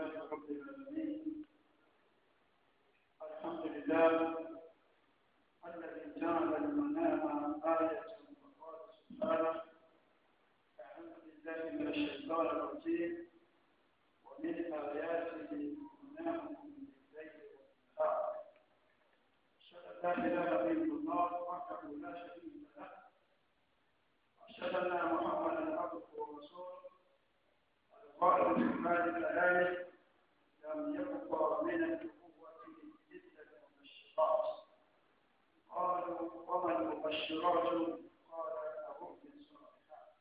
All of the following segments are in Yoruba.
لله رب العالمين الحمد لله الذي جعل المنام آية وقال سبحانه أعوذ بالله من الشيطان الرجيم ومن آياته من بالليل والنهار أشهد أن لا إله إلا الله وحده لا شريك له أشهد أن محمدا عبده ورسوله قال هذه الآية لم يبقى من النبوة إلا المبشرات قالوا وما المبشرات قال لهم من صالحات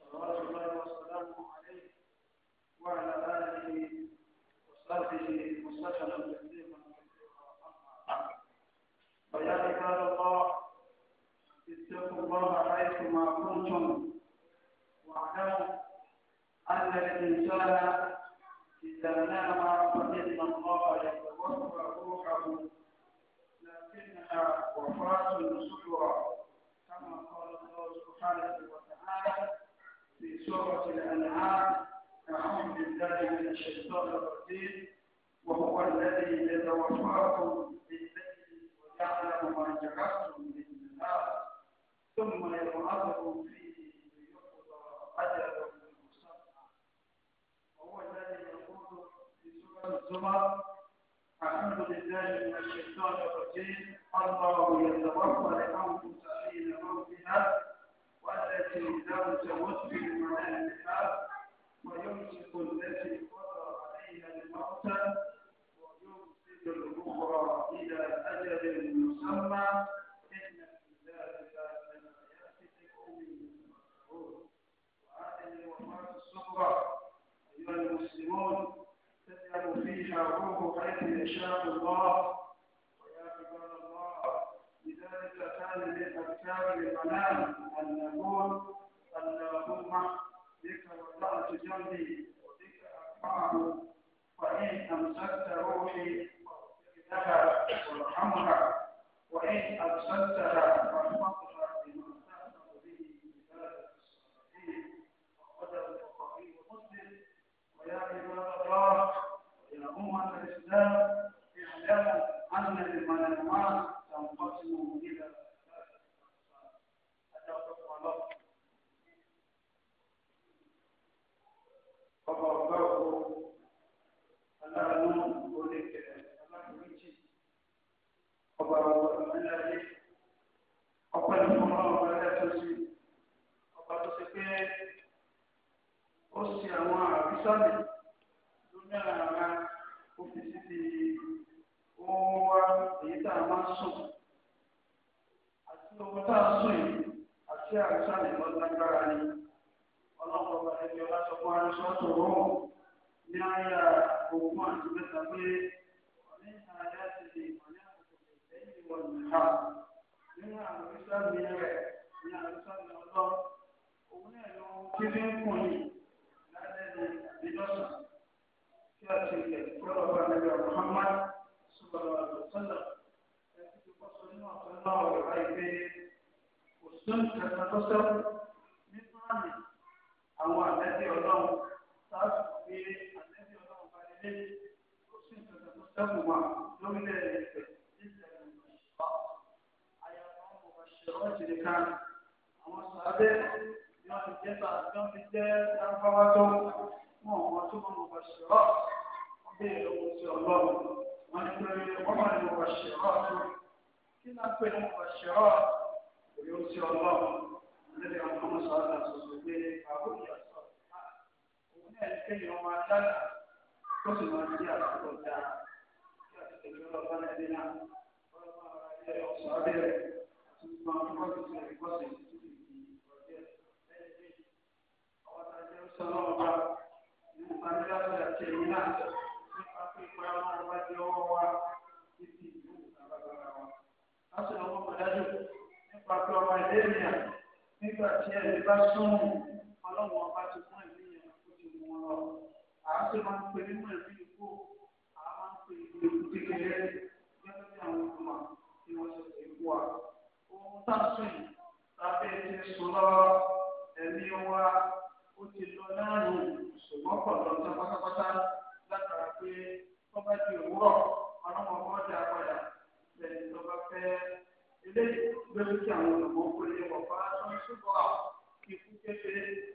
صلوات الله وسلامه عليه وعلى آله وصحبه وسلم كثيرا كثيرا أما بعد فيا عباد الله اتقوا الله حيثما كنتم واعلموا أن الإنسان إذا نام فإن الله يتوفى روحه لكنها وفاة صغرى كما قال الله سبحانه وتعالى في سورة الأنعام أعوذ بالله من الشيطان الرجيم وهو الذي يتوفاكم بالليل ويعلم ما جعلتم من النار ثم يبعثكم فيه ليقضى أجل الزمر الحمد لله من الشيطان الرجيم الله يتوفى لأنفس حين موتها والتي لم تمت في منامها ويمسك التي قضى عليها الموت ويرسل الأخرى إلى أجل مسمى إن في ذلك لآيات لقوم يسمعون وهذه الوفاة الصغرى أيها المسلمون ينزل فيها روح حيث يشاء الله ويا عباد الله لذلك كان من أفكار المنام أن نقول اللهم بك وضعت جنبي وبك أرفعه فإن أمسكت روحي وارحمها وإن أرسلتها فاحفظها بما تأمر به عبادة الصالحين وقدر البخاري ومسلم ويا عباد الله أمة الإسلام اعلموا أن المنامات تنقسم إلى aṣọ́tò rọ́ọ̀ ní àyà òkú àti mẹ́ta pé ọ̀lẹ́ àyà ti lè wọlé àkókò lẹ́yìn wọn nìka nínú àwọn ìṣàmì rẹ̀ ní àwọn ìṣàmì ọlọ́ òun náà lọ kí ní kùn yìí lálẹ́ ní ìdíjọ́sà kí a ti lè kọ́lọ̀ bá nàbẹ̀ Muhammad sọ̀rọ̀ àlùsọ́là ẹ̀sìn tó kọ́ sọ nínú ọ̀sán náà wọ̀ láì pé òṣìṣẹ́ ìṣẹ̀lẹ̀ tó sẹ́kù nípa àná àwọn àtẹ́tí ọlọ́run sáàtù pé àtẹ́tí ọlọ́run bá lé ó sì tẹ̀lé tó sẹ́kù wà lórílẹ̀ ẹ̀fẹ̀ nílẹ̀ ìgbà àyàfọ́ ọmọ ọ̀ṣẹ̀ ọ̀ṣẹ̀ nìkan àwọn sàbẹ̀ ni wọ́n ti jẹ́ bá tí wọ́n fi jẹ́ lágbáwá tó wọn ọmọ tó mọ ọmọ ọ̀ṣẹ̀ ọ̀ bí ìlọ́wọ́ sí ọlọ́run wọn ni pé wọ́n máa ní ọ̀ṣẹ̀ ọ̀ tó kí náà pé ọ̀ṣẹ̀ ọ̀ kò yóò sí ọlọ́run nílẹ̀ ọmọ sọ̀rọ̀ òun náà ní kéèyàn ọmọ adára ó sì máa di àtúntò dáa kí àtúntò ìjọba bá náà dé náà ọlọ́pàá ara ilé ọ̀sán abẹ́rẹ́ àti máa ń kọ́ tuntun ìkọ́sẹ̀ tuntun ìdí ọ̀jẹ́ lẹ́yìn ọwọ́ tá a jẹ́ ń sọ lọ́wọ́ bá nínú ìbánilásí àti ẹ̀yìn náà nípa pé ìpara máa wá di ọwọ́ wa títí ìlú àbàbàrà wa. lásìkò ọmọ pàdájù nípa pé ọmọ ilé ènìyàn nígbà tí ẹ̀mí bá súnmù ọlọ́run ọba ti fún ẹ̀mí yẹn kó ti mú wọn lọ. àwọn tó máa ń pè nínú ẹ̀mí àwọn máa ń pè nínú gẹ́gẹ́ bí àwọn ọmọ tí wọ́n ṣe fi kú wa. ohun táṣùn tàbí ti sùn lọ ẹ̀mí wa ó ti lọ láàrin ṣùgbọ́n pọ̀ lọ́jọ́ pátápátá látara pé di òwúrọ̀ ọlọ́run ọba bá fẹ́ àwọn olùkọ́ wọ̀ fún aṣọ ìṣúbọ̀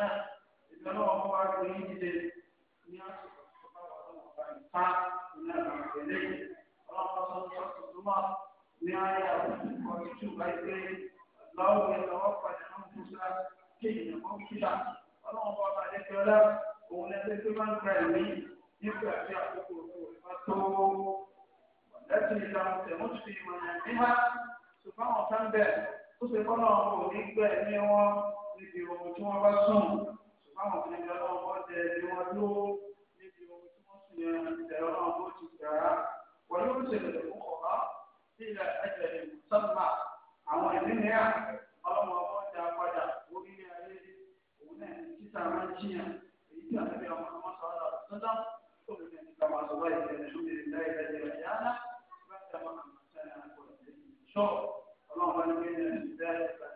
náà ìgbà náà wọ́n wá gbé yín dìde ní àsìkò tó bá wà lọ́wọ́ bá yín ká ìlànà ìgbẹ́lẹ́ ọlọ́pàá sọ ní ọ̀sán tó wà ní ayé àwọn ìkọ̀tù báyìí pé láwùjọ ìlọ́wọ́ padà náà kú sá kí èèyàn kọ́ kílà ọlọ́wọ́ bá bá dé kíọ́lá òun lẹ́sẹ̀ tó bá ń gba ẹ̀mí nígbà tí àkókò ìfà tó lẹ́sìn ìlànà tẹ̀wọ́n ti fi ìmọ̀ níbi ohun tí wọ́n bá sùn ṣùgbọ́n àwọn ọmọ ìjọba wọn tẹ ẹni wọn ló níbi ohun tí wọ́n sùn yẹn ìtẹ̀rọ náà ló ti gbà á wọ́n ló ń ṣèlè fún ọ̀gá sí ilẹ̀ ẹ̀jẹ̀ ìmùsọ́nà àwọn ìlú mìíràn ọlọ́mọ wọn dá padà lórí ayé òun náà ní títà máa ń jiyàn èyí tí àtẹ̀bí ọmọ ọmọ sọ̀rọ̀ sọ́dọ̀ tó lè ní ìgbàmọ̀ àtọ́gbà ìgbẹ̀rẹ̀ tó lè ní ìgbàmọ̀ àtọ́gbà ìgbẹ̀rẹ̀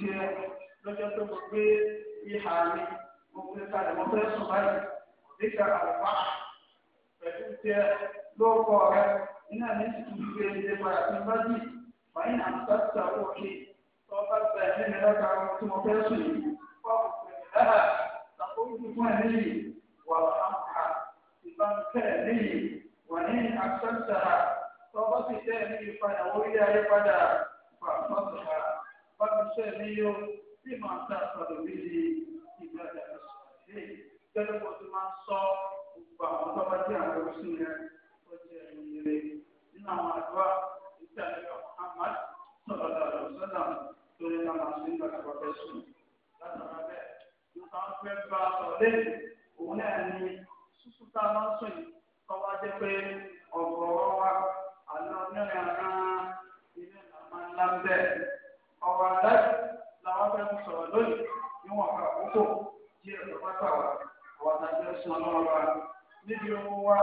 tiẹ̀ lọ́jọ́ tó mo gbé ìhà mi mo gbé kalẹ̀ mo fẹ́ sùn báyìí níta àlùfà pẹ̀lú tiẹ̀ lóòkọ̀ rẹ iná mi sì tún gbé ilé padà tó bá jì fàyín àmúsàtútà òkè tó bá gba ẹ̀mí mi lọ́ta tí mo fẹ́ sùn yìí fọ́ òkè dáhà sàkóyún fún ẹ̀mí yìí wà á kà ìbámu wà ní àṣàṣà tó bá sì tẹ́ ẹ̀mí yìí padà orí ayé padà fà fọ́sùn ومسامي بما تصل به عباد الصالحين كلمة na صار وبعضها ورسولها وجاهلين إنما أدواء إتالك محمد صلى الله عليه وسلم تريد أن أصيب لك وكسر لا ترى به نتعرف بين بعض صالحين ونعني pé wa ilé ọ̀rọ̀ àdáyé làwọn fẹ́ẹ́ fi sọ̀rọ̀ lónìí níwọ̀n ká àkókò díẹ̀ tó bá gbà wá àwọn àdájọ́ sún ọlọ́run wa níbi owó wa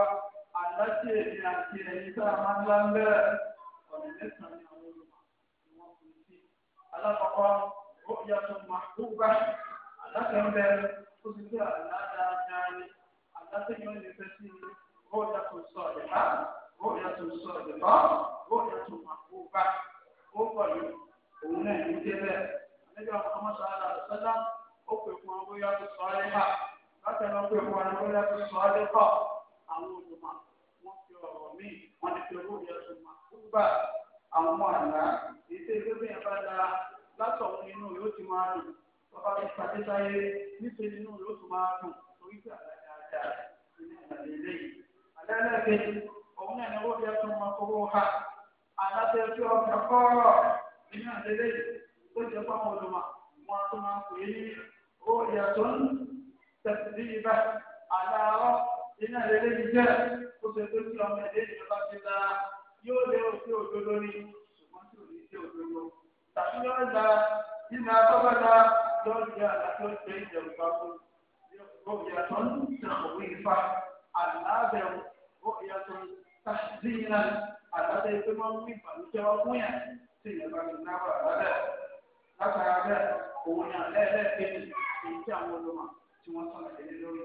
àdájọ́ èmi àti ẹ̀yìn tá a máa ń lá ń bẹ̀rẹ̀ ọ̀nà mẹ́sàn-án ni àwọn olùmọ̀ ni wọ́n fi sí. alákọ̀ọ́kọ́ ó yà tó máa kú bá àdájọ́ ń bẹ̀rẹ̀ ó ti gbé àdá dáadáa ni àdájọ́ yóò lè fẹ́ sí ó yà tó sọ ọ̀dẹ̀ká ó yà tó sọ ọ̀dẹ̀ká ó yà tó máa kú bá ó pọ̀ yìí. òun náà ní jẹ́ bẹ́ẹ̀ nígbà ọmọ sàrà sọ́dá ó pè fún ọgbó yàtọ̀ sọ́ọ́lẹ́ kà láti ẹnu pè fún àwọn olùmọ̀ wọ́n fi ọ̀rọ̀ míì wọ́n ti fi owó gbà àwọn ọmọ àná yẹn bá látọ̀hún inú yóò ti máa dùn bàbá mi pàdé sáyé inú yóò ti máa dùn torí pé nínú àtẹ́lẹ́ tó jẹ́ fáwọn olùmọ̀ wọn tó máa ń pè é ní ó yàtọ̀ ń tẹ̀sí ibà àdáárọ̀ nínú àtẹ́lẹ́ yìí jẹ́ ó ṣe tó ti ọmọ ẹ̀dẹ́ ìjọba ti la yóò lé òfin òdodo ni ṣùgbọ́n tí ò ní ṣe òdodo tàbí yóò da nínú àtọ́gbàdá lọ́ọ̀dì àdájọ́ ìjẹ́ ìjọba fún ó yàtọ̀ ń tẹ̀wé ifá àlábẹ̀wò ó tí ìyẹn bá ti náwó àbádà látara bẹ́ẹ̀ òun ni àlẹ́ẹ̀lẹ́ẹ̀kejì èyí tí àwọn olùmọ̀ tí wọ́n sọ̀rọ̀ lé lórí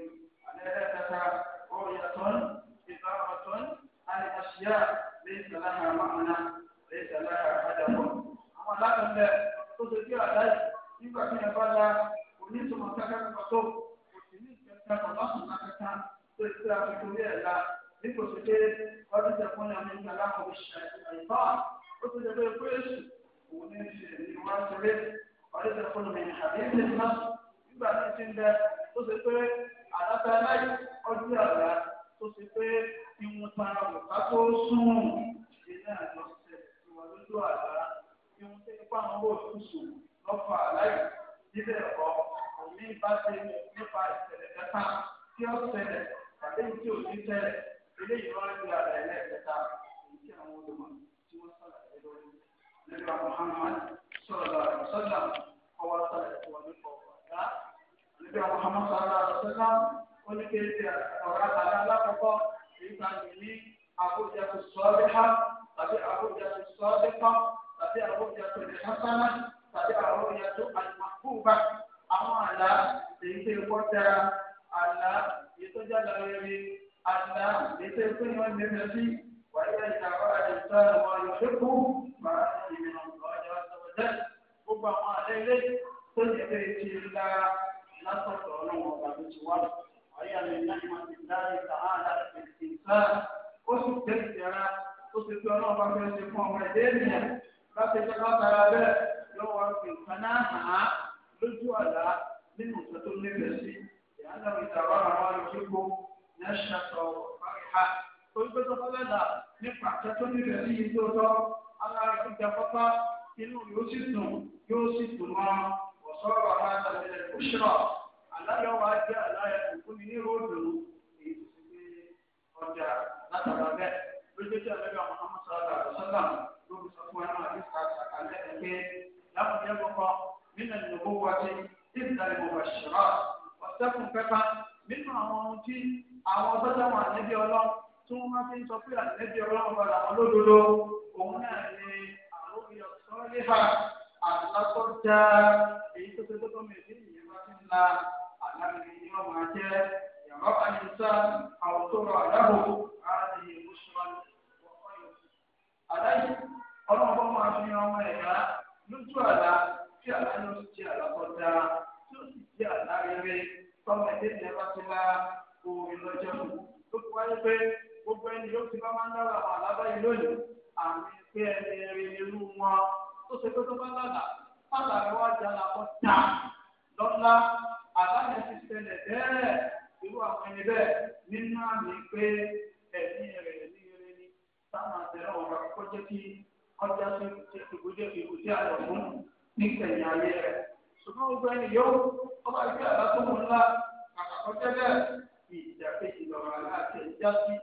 àlẹ́ẹ̀lẹ́ẹ̀kẹta ọ̀rọ̀ yàtọ̀ ìbáratọ̀ àti àṣìyá lẹ́yìn sàlámà àmàmúná lẹ́yìn sàlámà àdàbọ̀ àwọn alákàndẹ̀ tó ṣe bí àdáyé nígbà tí ìyẹn bá la onítùmọ̀ kẹ́kẹ́ tó òsì ní ìkẹ́kẹ́ ó ti dẹ̀ bẹ́ẹ̀ pé èsù òun ní í ṣe èyí wá sílé ọdún tó fún mi àbí ẹ̀sìn ní máa nígbà tí ti ń bẹ ó ṣe pé àdáta láì ọdún àgbà tó ṣe pé ìwọ̀n tara kò ká tó sún ìṣe náà lọ sẹ̀ ìwà lójú àgbà ìwọ̀n tó ipá àwọn olóòtú sùn lọ́fọ̀ àláì níbẹ̀ ọ̀ òní bá ṣe nípa ìṣẹ̀lẹ̀ kẹta tí ó ṣẹlẹ̀ tàbí tí ò ní ṣẹlẹ̀ eléyìí wọ́n ń gbé àlàyé lẹ́ẹ̀kẹta èyí tí àwọn olùmọ̀ nípa Muhammad sọlá sọlá ọwọ́ sọlá ìwà nípa ọ̀gá nípa Muhammad sọlá sọlá ó ní kéde ọ̀rá àlá lákọ̀ọ́kọ́ èyí tá a lè ní àbójà tó sọ ọ́ bí há tàbí àbójà tó sọ ọ́ bí kọ́ tàbí àbójà tó lè hásánà tàbí àbójà tó àlùmọ̀kúùbà àwọn àlá èyí tó wọ́n dára àlá èyí tó jáde rere àlá èyí tó pé wọ́n mẹ́rin sí wàyí gbogbo àwọn àlẹ́lẹ́ tó ti fẹ́ ti la látọ̀tọ̀ ọlọ́run ọba tó ti wá ọ̀yà mi náà ni wọ́n ti dárí sàá láti fi sá ó sì tẹ̀sí ara ó ti fi ọlọ́run bá fẹ́ ṣe fún ọmọ ẹ̀dẹ́ ènìyàn láti jẹ́ látara bẹ́ẹ̀ yóò wá fi nǹkan náà hàn án lójú àlá nínú ìtọ́ tó nífẹ̀ẹ́ sí ìyáńdà náà ṣàtọ̀ ara rẹ̀ tó jẹ pápá inú yóò sì dùn yóò sì dùn mọ́ ọ̀sọ́rọ̀ aláta ilẹ̀ òṣìṣọ́ aláyọ̀ wa jẹ́ aláyọ̀ òkú ni nírò òdùn èyí tó ti gbé ọjà látara bẹ́ẹ̀ lójoojú àlejò àwọn ọmọ sọ̀rọ̀ àlọ́sọ́lá lórí sọ fún ẹnu àti sàkàlẹ̀ ẹgbẹ́ láwùjẹ́ kọ̀kọ́ nínú ìnáwó wájú ìdálẹ́ mọ̀gbà ṣẹ̀rọ̀ ọ̀sẹ̀kùn pẹ́pà nínú àwọn ohun tí àwọn tọ́jà wọn àlejò ọlọ́run tí wọ́n fi ń sọ pé àtẹ́bí ọlọ́run padà wọn lódodo òun náà ni àròyìn ọ̀sánlẹ́fà àtàkọ́ já èyí tó ṣe tó tó mèjì ìyẹn bá ti ń la àlàyé ni wọ́n máa jẹ́ yàrá àyíká àwọn tó rọ àdáwò láti ìlú ṣọ́ọ́nù ọ̀pọ̀ yòó. àdáyé ọlọ́run bọ́ máa fi ọmọ ẹ̀yà lójú àlá tí àlá yóò sì jẹ́ àlá tó dáa tí ó sì jẹ́ àlá rere tọ́mọ ẹ̀dẹ́gbẹ̀rún ti la orin lọ́jọ́ tó wáyé pé gbogbo ẹni yóò ti bá máa ń dára àlábá yìí lónìí àmì pé ẹni rí irú wọn tó ṣe pé tó bá dàgbà pàtà rẹ wá di alàkọ tà lọ́la àlàyé ti ṣẹlẹ̀ bẹ́ẹ̀ irú àwọn ẹni bẹ́ẹ̀ nínú àmì pé ẹ̀mí rẹ̀ ní ire ni sáwọn àtẹ̀rẹ̀ ọ̀rọ̀ kó jẹ́ kí ọjà sí ìbújẹ́ ìbújẹ́ àlọ́ fún nígbẹ̀yìn ayé rẹ̀ ṣùgbọ́n gbogbo ẹni yóò ọba ìgbé àlá tó mú ńlá àkàkọ́jẹ́ bẹ́ẹ̀ ìjà kejì lọ́rọ̀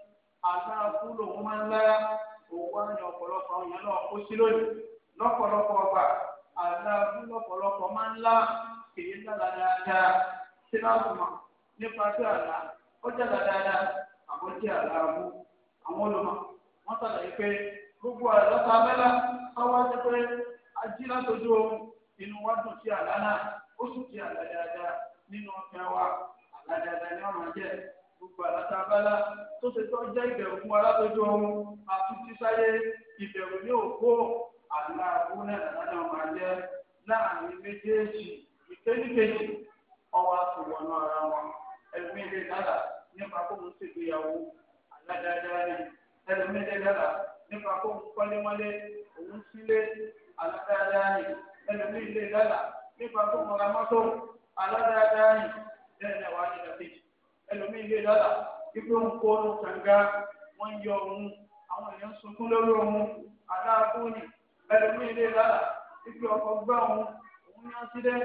owó ńlá owó ẹni ọ̀pọ̀lọpọ̀ àwọn èèyàn náà kó sí lónìí lọ́pọ̀lọpọ̀ ọgbà aláàbí lọ́pọ̀lọpọ̀ máa ń lá èyí ńlá dáadáa sí láàbùmọ̀ nípa sí àlá ó jẹ́ dáadáa àbọ̀jẹ́ aláàbù àwọn olùmọ̀ gbogbo ala abẹ́lá táwọn ti pé ají látọjú inú wa dùn sí àlá náà ó sì ti àlá wa àlá dáadáa ni gbàrà tá tó ṣe tó jẹ́ ìbẹ̀rù fún alábòjú ọ̀hún àtúntí ìbẹ̀rù ní òkú àlá náà lánàá máa láàrin méjèèjì ìkéjìkéjì ọwọ́ àtúwọ̀nù ara wọn ẹ̀mí ilé dára nípa kó ń ṣègbéyàwó aládáadáa ni ẹ̀mí ilé dára nípa kó ń kọ́lémọ́lé òun sílé aládáadáa ni ẹ̀mí ilé dára nípa kó ń mọ́tò aládáadáa ni ni ẹlòmíì lè lọ́la ipe ń kó ọrùn kànga wọ́n ń yọ òun àwọn èèyàn ń sunkún lórí òun aláàbòyìn ẹlòmíì lè lọ́la ipe ọkọ̀ gbá òun òun ní ásídẹ́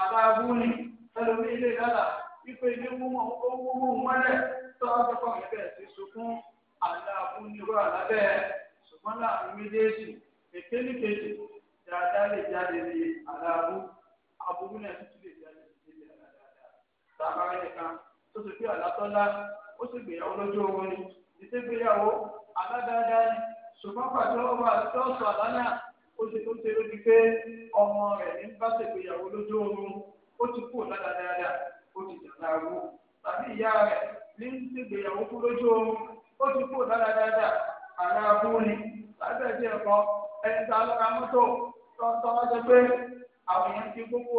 aláàbòyìn ẹlòmíì lè lọ́la ipe ilé wúmọ̀ ó wúmọ̀ mọ́lẹ̀ tó ọjọ́ ìbẹ̀rẹ̀ sí sunkún aláàbòyìn rọ̀ lábẹ́ ṣùgbọ́n láàrin méjèèjì èké ní kejì dáadáa lè jáde ní aláàbò aburú náà tún lè jáde ní ilé àdáadáa tó ti pé àlátọ́lá ó sì gbéyàwó lójú ogun ni ìṣe gbéyàwó aládáadáa ni ṣùgbọ́n pàtó ọmọ àtọ́sọ alanya ó ti tó ṣe lójú pé ọmọ rẹ̀ ní bá ṣe gbéyàwó lójú ó ti kú ó ti dàgbà tàbí ìyá rẹ̀ ní ṣe gbéyàwó kú lójú ogun ó ti kú ẹ̀kọ́ ẹni tá a mọ́tò wá pé àwọn èèyàn ti gbogbo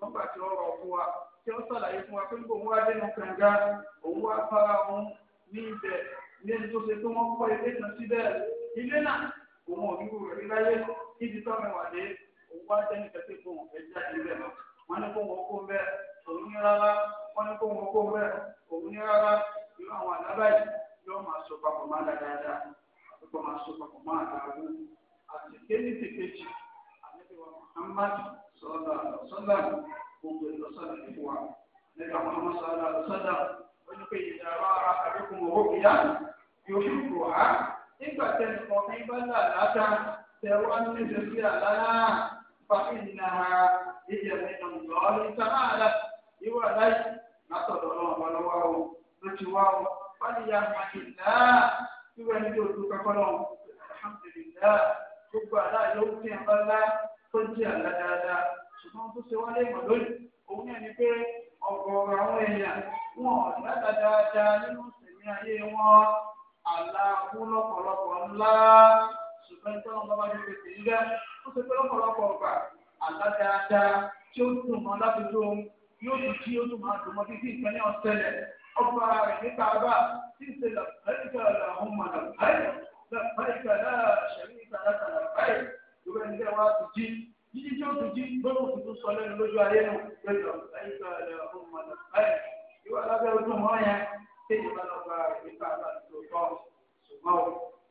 ṣùgbọ́n gbà ọrụ ó rọ̀ fún wa tí ó sàlàyé fún wa pé nígbà òun wá dénú kànga òun wá fara òun ní ihe ní ẹni tó ṣe pé wọ́n kọ́ ilé kan síbẹ̀ ilé náà òun òdúgbò rẹ̀ níláyé dé òun wá fún ní kó wọn kó òun ní rárá ní so papọ̀ máa dáadáa yóò máa wa Muhammad sallallahu alaihi wasallam gbogbo ìlọsọdọ ìfọ wa nígbà Muhammad sallallahu alaihi wasallam ó ní pé ìjà wa ara àbíkún owó kìíyà yóò fi kù á nígbà tẹnu kan ní bá là láta tẹ wá ní ṣe sí àlàyé fa ìnà ìjẹ bá lá tó jẹ́ àlá dáadáa ṣùgbọ́n tó ṣe wálé mọ̀ lónìí òun náà ni pé ọ̀gọ̀ọ̀rọ̀ àwọn èèyàn wọn ọ̀dá dáadáa nínú ìsinmi ayé wọn àlá kú lọ́pọ̀lọpọ̀ ńlá ṣùgbọ́n tí wọ́n bá ti pèsè yí dá ó ṣe pé lọ́pọ̀lọpọ̀ ọgbà àlá dáadáa tí ó dùn mọ́ lábẹ́jọ́ yóò tún kí ó tún máa dùn mọ́ títí ìpínlẹ̀ ọ̀sẹ̀lẹ̀ ọgbà rẹ̀ níta bá tí ìṣẹ̀lẹ̀ lẹ́yìnká làwọn mọ̀ làbáyé làbáyé kàlá ṣẹ̀rí jíjí tí ó tún jí gbọ́dọ̀ kò tún sọ lẹ́nu lójú ayé nù pẹ̀lú ẹ̀yìnká ẹ̀ ọ̀hún ẹ̀ ìwà lábẹ́ ojú mọ́ yẹn tí ìjọba lọ bá ìgbà àgbà tó tọ́ ṣùgbọ́n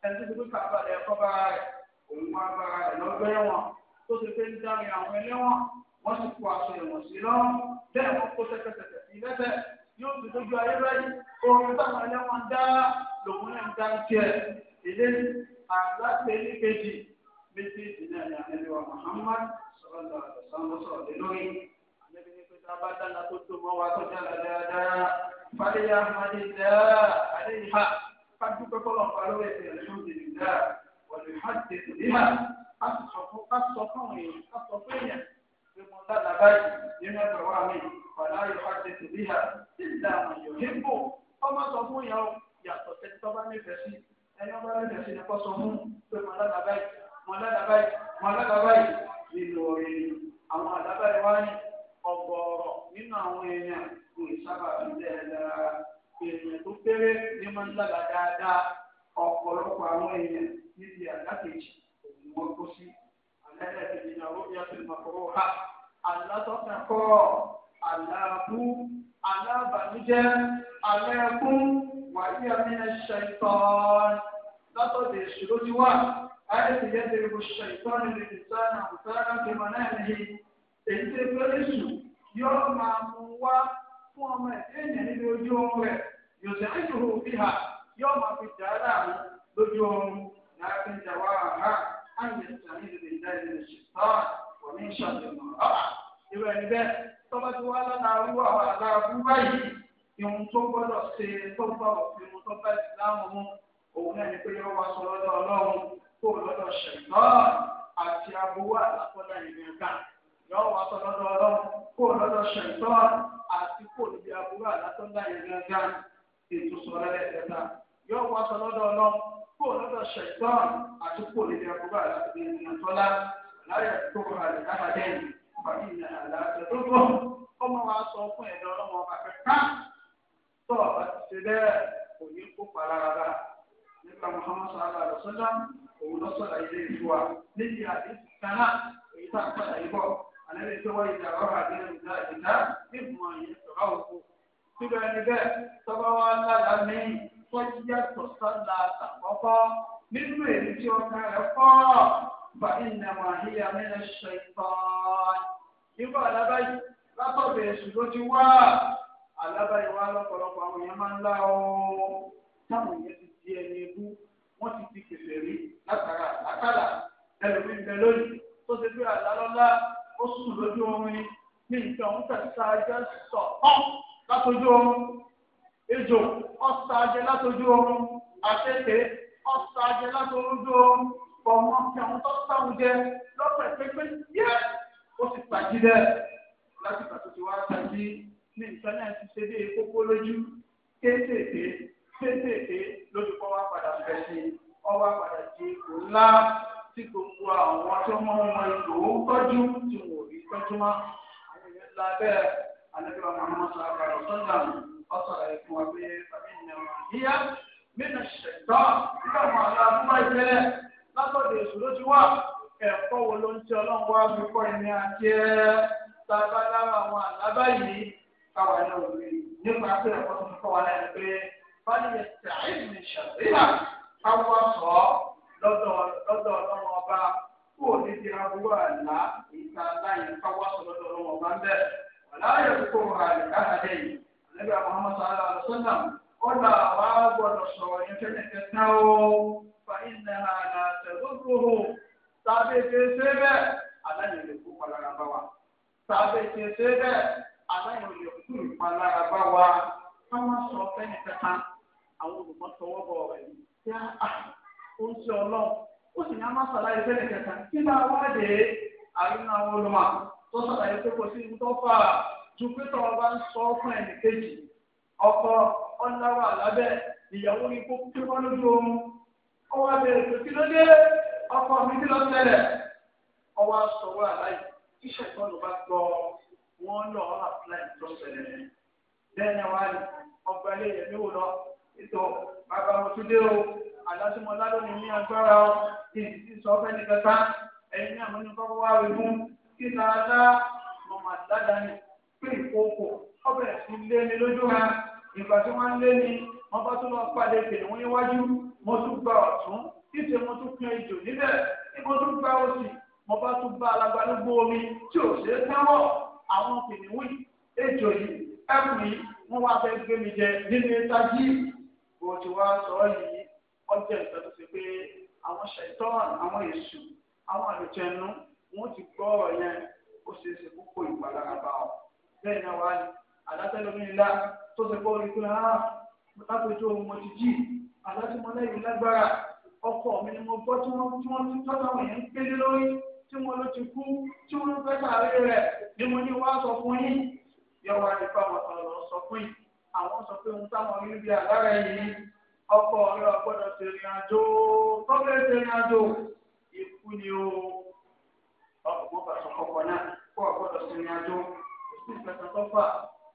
ẹni tó ti kàbà lẹ̀ kọ́ bá rẹ̀ òun wá bá rẹ̀ lọ́gbẹ́ wọn tó ti fẹ́ ń dárin àwọn ẹlẹ́wọ̀n wọ́n sì kó aṣọ ìwọ̀n sí lọ́rùn bẹ́ẹ̀ wọ́n kó tẹ́tẹ́tẹ́tẹ́ sí lẹ́tẹ̀ yóò tún lójú ayé báyìí orin táwọn ẹlẹ́wọ̀n dá lòun náà dá ń tiẹ̀ eléyìí àgbà méjèèjì náà ni àtẹnuwa Muhammad sọlá sanwó sọlẹ lórí àtẹnuwa ní pé tá a bá dáná tó tó mọ wa tó dáná dáadáa fàdéyà àmàdéjà àdéhà kájúpẹ́ kọ́lọ̀ pa lórí ẹ̀sìn àlùmọ́déjà wọ̀lú ìhàdé ìdíhà ká sọ fún ká sọ fún èèyàn ká sọ fún èèyàn pé mo dáná báyìí nínú ẹ̀fẹ̀ wà mí wàlá ìhàdé ìdíhà ìdá àmàyọ̀ hímbò ọmọ sọ fún yàrá yàtọ̀ tẹ́tí tọ́ sọ fún pé mo dáná báyìí wọn ládàbáyé wọn ládàbáyé nínú orin àwọn àdábáyé wá ní ọgọ́rọ̀ nínú àwọn èèyàn kò sábà fi bẹ́ẹ̀ lára èèyàn tó kéré ní máa ń lára dáadáa ọ̀pọ̀lọpọ̀ àwọn èèyàn níbi àdákejì òun wọn kó sí àlẹ́lẹ́kejì náà ó yẹ kí n máa fọwọ́ ha alátọ́kẹ́kọ́ aláàbù alábànújẹ́ alẹ́kùn wàyí àmì ẹ̀ṣẹ̀ ìtàn látọ̀dẹ̀ ìṣòro ti wà. ayé ti yẹ́dẹ̀rẹ̀ ṣàìtọ́nì lè ti sára àbùsára ti mọ̀ náà ní èyí tí ó lè sùn yóò máa mú wá fún ọmọ ẹ̀dẹ́ ènìyàn níbi ojú oorun rẹ̀ yóò sì ń ṣòro fi hà yóò máa fi jà á láàmú lójú oorun náà fi ń jà wá àrà kó lọ́dọ̀ ṣẹ̀tọ́ àti aburú àlákọ́dá ìrìn ọ̀gá yọ̀ọ́ wá sọ lọ́dọ̀ ọlọ́run kó lọ́dọ̀ ṣẹ̀tọ́ àti kó níbi aburú àlákọ́dá ìrìn ọ̀gá ètò sọ̀rọ̀ ẹ̀ẹ́dẹ́ta yọ̀ọ́ wá sọ lọ́dọ̀ ọlọ́run kó lọ́dọ̀ ṣẹ̀tọ́ àti kó níbi aburú àlákọ́dá ìrìn ọ̀tọ́lá láyé tó rà lè dáhàdé pàdé ìyá àlàáfẹ́ tó tó ọmọ wa sọ fún ẹ̀dọ́ nípa muhammad sallallahu alaihi wa sallam òun lọ sọ̀rọ̀ ilé ìfúwa níbi àdéhùn kanáà èyí tá a padà yìí bọ̀ àlẹ́ tó wáyé ìjà ọ̀rọ̀ àdéhùn ìjà ìjà ìgbìmọ̀ yẹn sọ̀rọ̀ òkú. síbẹ̀ ni bẹ́ẹ̀ wa lára mi tọ́jú yàtọ̀ sọ́la àkọ́kọ́ nínú èyí tí ọ̀gá rẹ̀ kọ́ fa iná wà mẹ́rin ṣe tán. irú alábáyé látọ̀bẹ̀ èṣù ló ti wá alábáyé wa lọ́pọ̀lọpọ̀ àwọn èèyàn di ẹni ibú wọ́n ti ti kèsè rí látara àkàlà ẹlòmíín bẹ lónìí tó ti gbé àlálọ́lá ó sùn lójú omi ní nǹkan òun tẹ̀ sáájẹ́ sọ ọ́ látọjú oorun ejò ọ̀sáájẹ́ látọjú oorun àtẹ̀tẹ̀ ọ̀sáájẹ́ látọjú oorun pọ̀mọ́ tí àwọn tó sáwọn jẹ lọ́pẹ̀ pépé yẹ ó ti tàjí dẹ láti pàtó ti wá tàjí ní nǹkan náà ti ṣe dé kókó lójú kéékèèké tètè lójú kọ́ wá padà bẹ̀ sí ọwọ́ padà di ipò ńlá tí gbogbo àwọn tó mọ ọmọ ìlú ń tọ́jú tí wọn ò rí tọ́jú mọ́ àwọn èèyàn ńlá bẹ́ẹ̀ alẹ́bíwá mọ́mọ́ sọ àgbàdo sọ́dà ọ̀sọ̀rọ̀ ìfún wa pé bàbá ìyẹn wà níyà nínú ṣẹ̀tọ́ nígbà wọn àlọ́ àbúrò ìjẹ́lẹ̀ látọ̀dọ̀ èṣù ló ti wà ẹ̀kọ́ wo ló ń tẹ ọlọ́run wá fi kọ́ ẹni àti ẹ tábà lára àwọn àlábá yìí káwa náà nípa pé ẹ̀kọ́ tó ń kọ́ wa náà pé fọlẹ́ tàìmù ìṣàlẹ́yà káwọ́ sọ lọ́dọ̀ lọ́dọ̀ ọlọ́run ọba kó o ní ti aburú àlá ìta láyé káwọ́ sọ lọ́dọ̀ ọlọ́run ọba ń bẹ̀. wàlá yẹ kó o hà nígbà àdé yìí àlẹ́bí àmọ́ sàrà lọ́sọ́nà ó là wá gbọ́dọ̀ sọ̀rọ̀ yẹn fẹ́lẹ́ kẹta o fa iná àlà ṣe bẹ́ẹ̀ aláyẹ̀ lè kó palára bá wa tàbí ti ṣe bẹ́ẹ̀ aláyẹ̀ lè kó ìpalára bá wa káwọ́ sọ fẹ́ni àwọn olùkọ́ tọwọ́ bọ̀ ọ̀rọ̀ yìí tí a ó ń ṣe ọlọ́run ó sì ní a máa ṣàlàyé fẹ́lẹ̀ kẹta kí bá wá dé àrùn àwọn olùmọ̀ tó ṣàlàyé pé kò sí ibi tó fà á ju pé tọ́wọ́ bá ń sọ fún ẹnì kejì ọkọ ọ̀nàwà lábẹ́ ìyàwó ni kó kí wọ́n lójú oorun ó wá bẹ̀rẹ̀ pé kí ló dé ọkọ mi kí ló ṣẹlẹ̀ ọwọ́ aṣọ wà láyé tíṣẹ̀ bá gbọ́ wọn lọ́ọ́ àpilẹ̀ tó ṣẹlẹ̀ ọgbà ilé ìyẹ̀mí wò lọ ètò bàbá mọ̀túndé o àdásímọ̀lá ló ní ní agbára o kí n ti sọ fẹ́ ní kẹta ẹ̀yin ní àwọn oníkọ́kọ́ wá wí fún kí dáadá mọ̀mọ́ àdáda ni pé ìkókò ọbẹ̀ sí lé mi lójú ha ìgbà tí wọ́n ń lé ni wọ́n bá tún lọ pàdé kèlè wọn níwájú mo tún gba ọ̀tún títí mo tún pin ìjò níbẹ̀ tí mo tún gba òsì mo bá tún bá alágbálúgbó omi tí ò ṣeé táwọ̀ àwọn kìnìún èjò yìí ẹkùn yìí wọ́n wá fẹ́ gbé mi jẹ nínú ìtají bó ti wá sọ ọ́ yìí wọ́n jẹ́ ìtọ́ tó ṣe pé àwọn ṣẹ̀tọ́n àwọn èṣù àwọn àlùjẹnu wọ́n ti gbọ́ ọ̀rọ̀ yẹn ó ṣe é ṣe púpọ̀ ìpalára bá ọ. bẹ́ẹ̀ náà wá ní àdátẹ́lómìnira tó ṣe pé orí pé á ah, lápẹjọ mo ti jì àdátẹ́mọlẹ́yìn lágbára ọkọ mi ni mo gbọ́ tí wọ́n tí wọ́n ti tọ́ta wọn yẹn ń pélé lórí tí wọ́n ló ti kú tí wọ́n fẹ́ sàárè rẹ̀ ni mo ní wá sọ fún yín yọ wá nípa wọn sọ̀rọ̀ sọ fún yín àwọn sọ pé ohun táwọn rí bí àlára yìí ọkọ ọ̀rẹ́ ọgbọ́dọ̀ ṣèrìn àjò tọ́lẹ̀ ṣèrìn àjò ikú ni o ọkọ̀ pàṣẹ kọ̀kọ̀ náà kó ọgbọ́dọ̀ ṣèrìn àjò sí ìfẹsẹ̀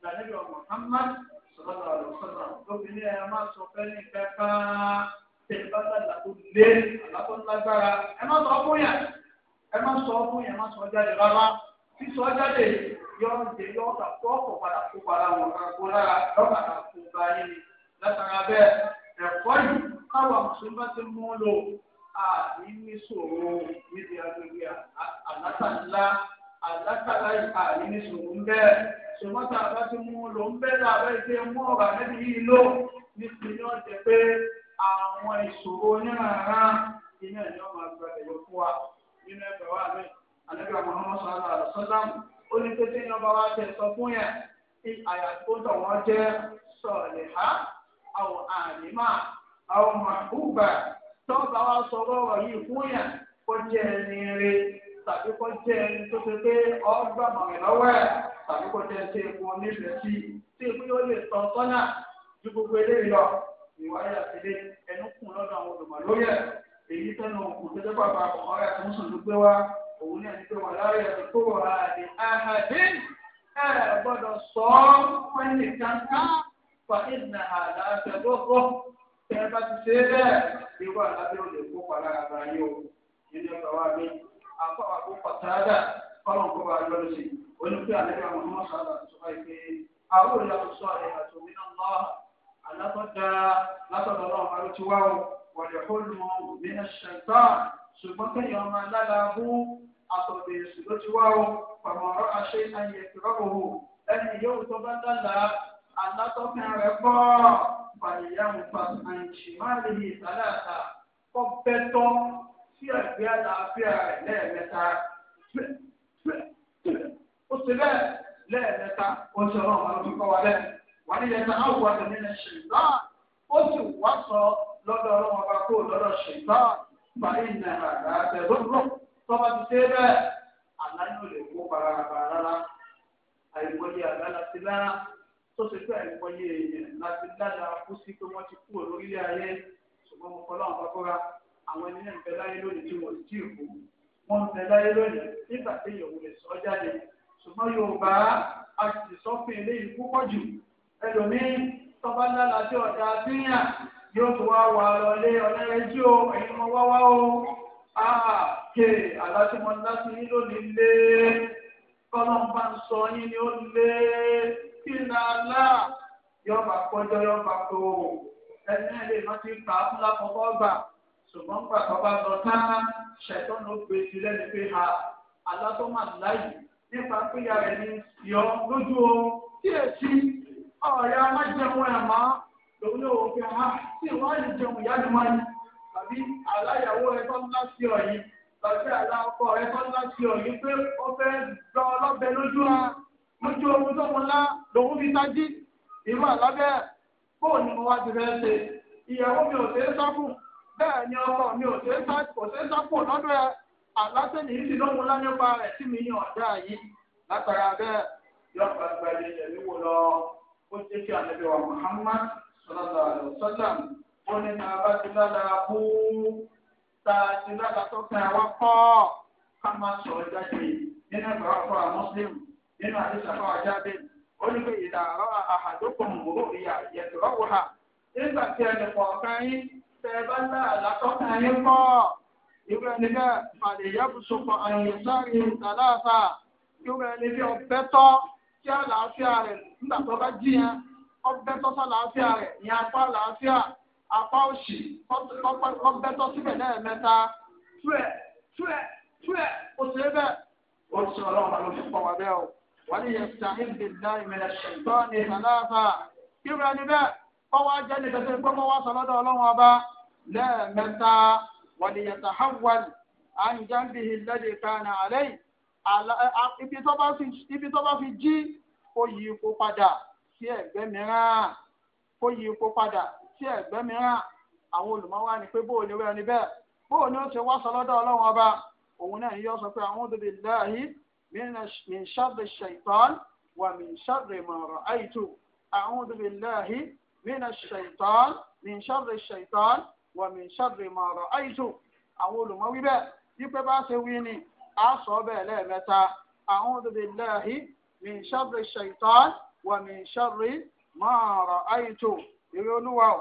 lànàbí ọmọ Muhammad sọlọ́dọ̀ àlùsọ̀nà lóbìnrin ẹ̀ máa sọ fẹ́ ní kẹfà tẹ̀lifásà làkó lé àlákó lágbára ẹ má sọ ọ́ fún yà ẹ má sọ ọ́ fún má sọ ọ́ jáde rárá sísọ jáde yọ ǹjẹ́ yọ ọ̀tà tó ọ̀pọ̀ padà kó para wọn kankan lára lọ́kàtà kó ba yín ni látara bẹ́ẹ̀ ẹ̀kọ́ yìí káwa mùsùlùmí bá ti mú lò àbí ní sòro níbi agbègbè àlátàlá àlátàlá àbí ní sòro ń bẹ́ẹ̀ sòmọ́tà bá ti mú lò ń bẹ́ẹ̀ lábẹ́ ìṣe mú ọ̀rọ̀ àbẹ́bí yìí lò nítorí ọ̀jẹ̀ pé àwọn ìṣòro onírànràn iná ìyọ́mọ̀ àgbàdo fún wa nínú ẹgbẹ̀rún àmì àlejò àwọn ọmọ sọlá sọlá ó ní pé tí ìyọba wa tẹ sọ fún yẹn tí àyà tó tọ̀ wọ́n jẹ́ sọ̀lẹ̀ ha àwọn àlìmá àwọn màkúbà tó bá wa sọ lọ́rọ̀ yìí fún yẹn kó jẹ́ ẹni rẹ tàbí kó jẹ́ ẹni tó ṣe pé ọgbà mọ̀rẹ̀ lọ́wọ́ ẹ̀ tàbí kó jẹ́ ṣe epo nífẹ̀ẹ́ sí tí epo yóò lè tọ́ sọ́nà ju gbogbo eléyìí lọ ìwáyé àtẹlẹ ẹnu kùn lọ́dọ̀ àwọn olùmọ̀ èyí tẹnu òkú òun náà ní pé wà láyé tó wà ní ahadé ẹ gbọ́dọ̀ sọ ọ wọn ní kankan fa ìnà àlàáfẹ gbogbo tẹ ẹ bá ti ṣe é bẹ́ẹ̀ irú àlàáfẹ ò lè kópa lára ara yìí o nínú ẹgbà wa mi àpá àpò pàtàkì kọlọn kó wa lọ sí onígbé àlejò àwọn ọmọ sábà tó bá yìí pé àwọn olè àtúnṣe àlè àtúnmí náà lọ àlátọ́jà látọ̀dọ̀ náà máa ti wá o wọ̀lẹ̀ kó lu mí ṣùgbọ́n kéèyàn máa lára fún àtọ̀dẹ̀ èṣù ló ti wá o pàmòrò àṣẹ ayẹ ìrọ́bòwò ẹni yóò tó bá dàgbà alátọ́fin rẹ̀ pọ̀ fàyẹ̀yàmù pàṣẹ máa lè yí ìsàlàsà kọ́ bẹ́tọ́ sí ẹ̀gbẹ́ àlàáfíà rẹ̀ lẹ́ẹ̀mẹ́ta ó ti bẹ́ẹ̀ lẹ́ẹ̀mẹ́ta ó ti ọlọ́run wọn ló fi kọ́ wa bẹ́ẹ̀ wà ní yẹn náà wà ní ilẹ̀ ṣèǹtà ó sì wá sọ lọ́dọ̀ ọlọ́run ọba kó lọ́dọ̀ ṣèǹtà fàyẹ̀ ìnà àgbà àtẹ̀dọ́dọ́ tọ́ba ti ṣe bẹ́ẹ̀ àlá yóò lè kó parapà rárá àìmọye àlá láti lá tó ṣe pé àìmọye èèyàn láti dáadáa kú sí pé wọ́n ti kúrò lórílẹ̀ ayé ṣùgbọ́n mo kọ́ láwọn bàbára àwọn ẹni náà ń bẹ láyé lónìí tí wọ́n ti kú wọ́n ń bẹ láyé lónìí nígbà tí ìyẹ̀wò lè sọ jáde ṣùgbọ́n Yorùbá a sì sọ fún eléyìí púpọ̀ jù ẹlòmíín tọ́ba ńlá láti ọ̀dà àbíyàn yóò tún wá wà lọlé ọ̀lẹ́rẹ́jú ẹ̀yin ọmọ wáwá ààkè aláṣẹmọ́lá ti yín lónìí lé kọ́lọ́mbà ń sọ yín ni ó lé kí nàlá yọba kọjọ yọba kó ẹni ẹ lè má ti kà á fún lákòókò ọgbà ṣùgbọ́n gbà tó bá lọ tán ṣẹ̀tọ́ ló gbé sí lẹ́nu pé ha alátọ́mà láyìí nípa péyà rẹ̀ ní yọ lójú o tí èsì ọ̀rẹ́ amájẹun ẹ̀ máa lòun yóò fi hàn sí ìwádìí jẹun ìyá ni wáyé tàbí aláyàwó rẹ tó lá sí ọ yìí tàbí aláàkọ rẹ tó lá sí ọ yìí pé ó fẹ́ lọ ọlọ́bẹ lójú wa lójú ohun tó mú ńlá lòun fi tají ìlú àlábẹ́ fóònù ni mo wá ti fẹ́ ṣe ìyàwó mi ò ṣe é sáfù bẹ́ẹ̀ ni ọkọ mi ò ṣe é sáfù lọ́dọ̀ ẹ àlásẹ̀nì yìí ti lóhun ńlá nípa rẹ̀ tí mi yàn ọ̀dà yìí látara bẹ́ẹ̀ yọ gbàgbà ilé ìyẹ̀mí wò lọ ó jẹ́ kí àlejò Muhammad sallallahu alaihi wọ́n ní tá a bá ti lára kú tá a ti lára tó fẹ́ àwọn pọ́ ká máa sọ̀rọ̀ jáde nínú ìgbà àwọn nínú fún àwọn jáde ó ní pé ìdàrọ́ àhàdókò mòró ìyá ìyẹ̀dọ̀rọ̀ wò ha nígbà tí kọ̀ọ̀kan yín tẹ bá lára pọ́ irú ẹni bẹ́ẹ̀ fàlẹ̀ fún sáré irú ẹni bí ọbẹ̀ tọ́ àlàáfíà rẹ̀ apá òsì kọ́ńbẹ́tọ̀ síbẹ̀ lẹ́ẹ̀mẹ́ta túẹ̀ túẹ̀ túẹ̀ ó ṣe é bẹ́ẹ̀ ó ṣe ọlọ́run ló fi pọ̀ wá bẹ́ẹ̀ o wọ́n yẹ sahib bìlá ìmẹ̀lẹ̀ ṣẹ̀tọ́ ní sàlàfà kíra ni bẹ́ẹ̀ kọ́wá jẹ́ ní tẹ̀sẹ̀ gbọ́mọ́ wá sọ lọ́dọ̀ ọlọ́run ọba lẹ́ẹ̀mẹ́ta wọ́n yẹ sahawal àǹjẹ́bìhì lẹ́dí kánà àlẹ́yìn ibi tó bá fi jí kó yí ipò padà sí ẹ̀gbẹ́ mìíràn kó yí ipò padà sí ẹ̀gbẹ́ mìíràn àwọn olùmọ̀wá ni pé bóò ni wẹ́ẹ́ ni bẹ́ẹ̀ bóò ni ó ti wá sọ lọ́dọ̀ ọlọ́run ọba òun náà ni yóò sọ pé a'udhu billahi min sharri shaytan wa min sharri ma ra'aytu a'udhu billahi min shaytan min sharri shaytan àwọn olùmọ̀wí bẹ́ẹ̀ yípe bá ṣe wí ni a sọ bẹ́ẹ̀ lẹ́ẹ̀mẹ́ta a'udhu billahi min sharri shaytan wa min sharri ma ìrẹ́ olúwa ọ̀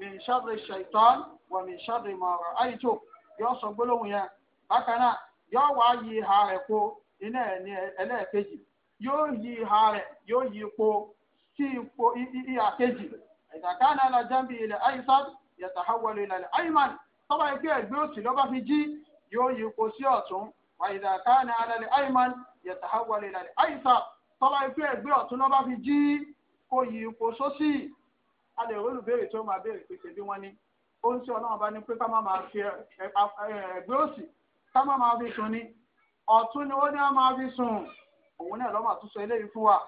min sharri shaitan wa min sharri ma ra'aytu yóò sọ gbólóhùn yẹn bákan náà yóò wá yí ìhà rẹ̀ kó iná ẹ̀ ní ẹlẹ́ẹ̀kejì yóò yí ìhà rẹ̀ yóò yí ipò sí ipò ìhà kejì ìdàkánná la jambi ilẹ̀ aisad yàtàháwọlé ilẹ̀ ayman tọ́ba ikú ẹ̀gbẹ́ òsì ló bá fi jí yóò yí ipò sí ọ̀tún wà ìdàkánná alẹ́ ayman yàtàháwọlé ilẹ̀ aisad tọ́ba ikú ẹ̀gbẹ́ ọ̀tún ló bá fi jí kó yí ipò sósì a lè rólù béèrè tí ó máa béèrè pé ṣe bí wọ́n ní ó ń ṣe ọlọ́run bá ní pé ká má máa fi ẹgbẹ́ òsì ká má máa fi sùn ni ọ̀tún ni ó ní á máa fi sùn òun náà lọ́mọ àtúnṣe eléyìí fún wa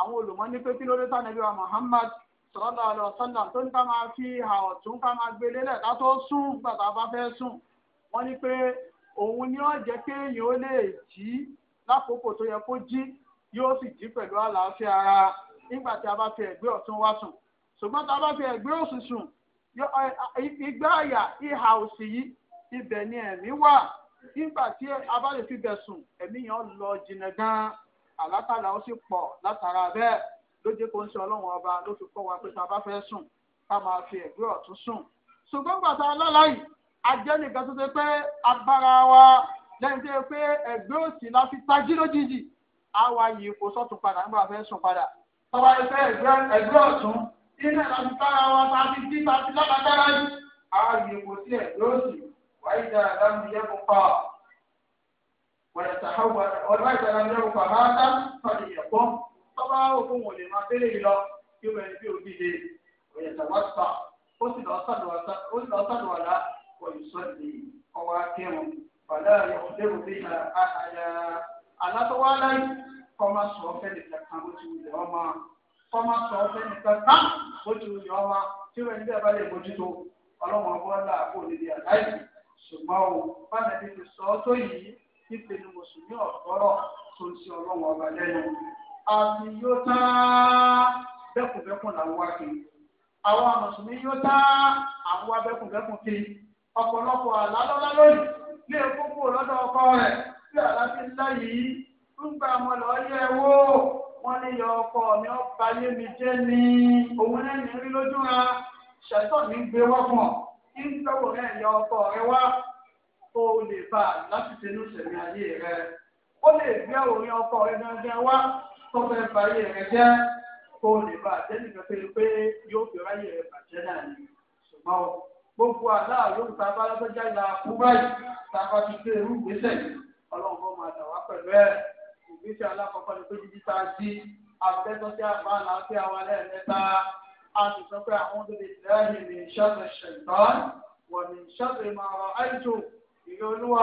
àwọn olùmọ̀ ní pé kí ló dé tánàbí wa Muhammad sallallahu alaihi wasallam tó ní ká máa fi ìhà ọ̀tún ká máa gbé lélẹ̀ ká tó sùn gbàtà bá fẹ́ sùn wọ́n ní pé òun ni ó jẹ́ kéèyàn ó lè jí lákòókò tó yẹ kó jí yóò sì jí pẹ̀lú àlàáfíà ara nígbà tí a bá fi ẹ̀gbẹ́ ọ̀tún wá sùn ṣùgbọ́n tá a bá fi ẹ̀gbẹ́ òṣùṣùn igbá àyà ìhà òsì yìí ibẹ̀ ni ẹ̀mí wà nígbà tí a bá lè fi bẹ̀ sùn ẹ̀mí yẹn lọ jìnnà gan-an àlátàlà ó sì pọ̀ látara bẹ́ẹ̀ ló jẹ́ kó ń ṣe ọlọ́run ọba ló fi kọ́ wa pé tá a bá fẹ́ sùn ká máa fi ẹ̀gbẹ́ ọ̀tún sùn ṣùgbọ́n gbàtà aláláyì ajẹ́nìkan tó ṣe pé agbára wa lẹ́yìn tó ṣe pé ẹ̀gbẹ́ òsì la fi tají lójijì àwa yìí kò sọ́tún padà nígbà fẹ́ sùn padà tọ́wọ́ ẹgbẹ́ ẹgbẹ́ ọ̀tún nínú àti bára wa ta ti tí ta ti lágbàdára jù ààyè kò sí ẹ̀ lóòsì wáyé dára dáhùn yẹ kó pa ọ̀dọ́ ìtàlá yẹ kó pa máta fàlẹ̀ yẹ̀kọ́ tọ́ba òkú wọn lè máa tẹ́lẹ̀ yìí lọ kí wọ́n ẹni bí òbí lè òyẹ̀ tàwa sà ó sì lọ sàdùn àlá wọ̀nyí sọ́ọ̀dì ọwọ́ akẹ́wọ̀n fàlẹ́ ọ̀dẹ́rù bí i àyà alátọ́wálá yìí kọ́ máa sọ ọ́ fẹ́ẹ́ kọ́má sọ ọ̀fẹ́ nìkan tán bójú ni ọmọ tí wọ́n ẹgbẹ́ bá lè mójútó ọlọ́mọ ọgbọ́nlá àpò níbi àláìsí ṣùgbọ́n o báyìí ti fi sọ ọ́ tó yìí nípe ni mùsùlùmí ọ̀tọ́rọ̀ tó ń ṣe ọlọ́mọ ọba lẹ́nu. àmì yóò tán bẹ́kùnbẹ́kùn làwọn wá kiri àwọn mùsùlùmí yóò tá àwọn wá bẹ́kùnbẹ́kùn kiri ọ̀pọ̀lọpọ̀ àlálọ́lá lónìí lè kókó lọ́dọ̀ ọkọ rẹ̀ bí àlá ti ń lá yìí ń gbà mọ́ lọ́ọ́ yẹ wó wọ́n ní yọ ọkọ mi ọba yé mi jẹ́ ní òun náà ní rí lójú ra ṣẹ̀tọ́ mi gbé wá fún ọ kí n tọ́wọ́ rẹ̀ yọ ọkọ rẹ wá kó o lè bá a láti tẹnu sẹ̀mí ayé rẹ ó lè gbé òun ọkọ rẹ gangan wá tó fẹ́ ba ayé rẹ jẹ́ kó o lè bá a jẹ́nu kẹfẹ́ pé yóò fi ráyè rẹ bàjẹ́ náà ni ṣùgbọ́n gbogbo aláàlú tábà lọ́jọ́ ìlà àkúrẹ́ tábà ti gbé irú ìgbésẹ̀ yìí ọlọ́run ó máa dà wá pẹ̀lú ẹ̀ ìgbésẹ̀ alákọ̀ọ́kọ́ ni pé jíjí tá a jí àfẹ́tọ́ sí àbá àlàáfíà wa lẹ́ẹ̀mẹ́ta a sì sọ pé àwọn tó lè tẹ́lẹ̀ ní ṣọ́ọ̀tẹ̀ ṣẹ̀gbọ́n wọ̀ ní ṣọ́ọ̀tẹ̀ ìmọ̀ràn àìjò ìlú olúwa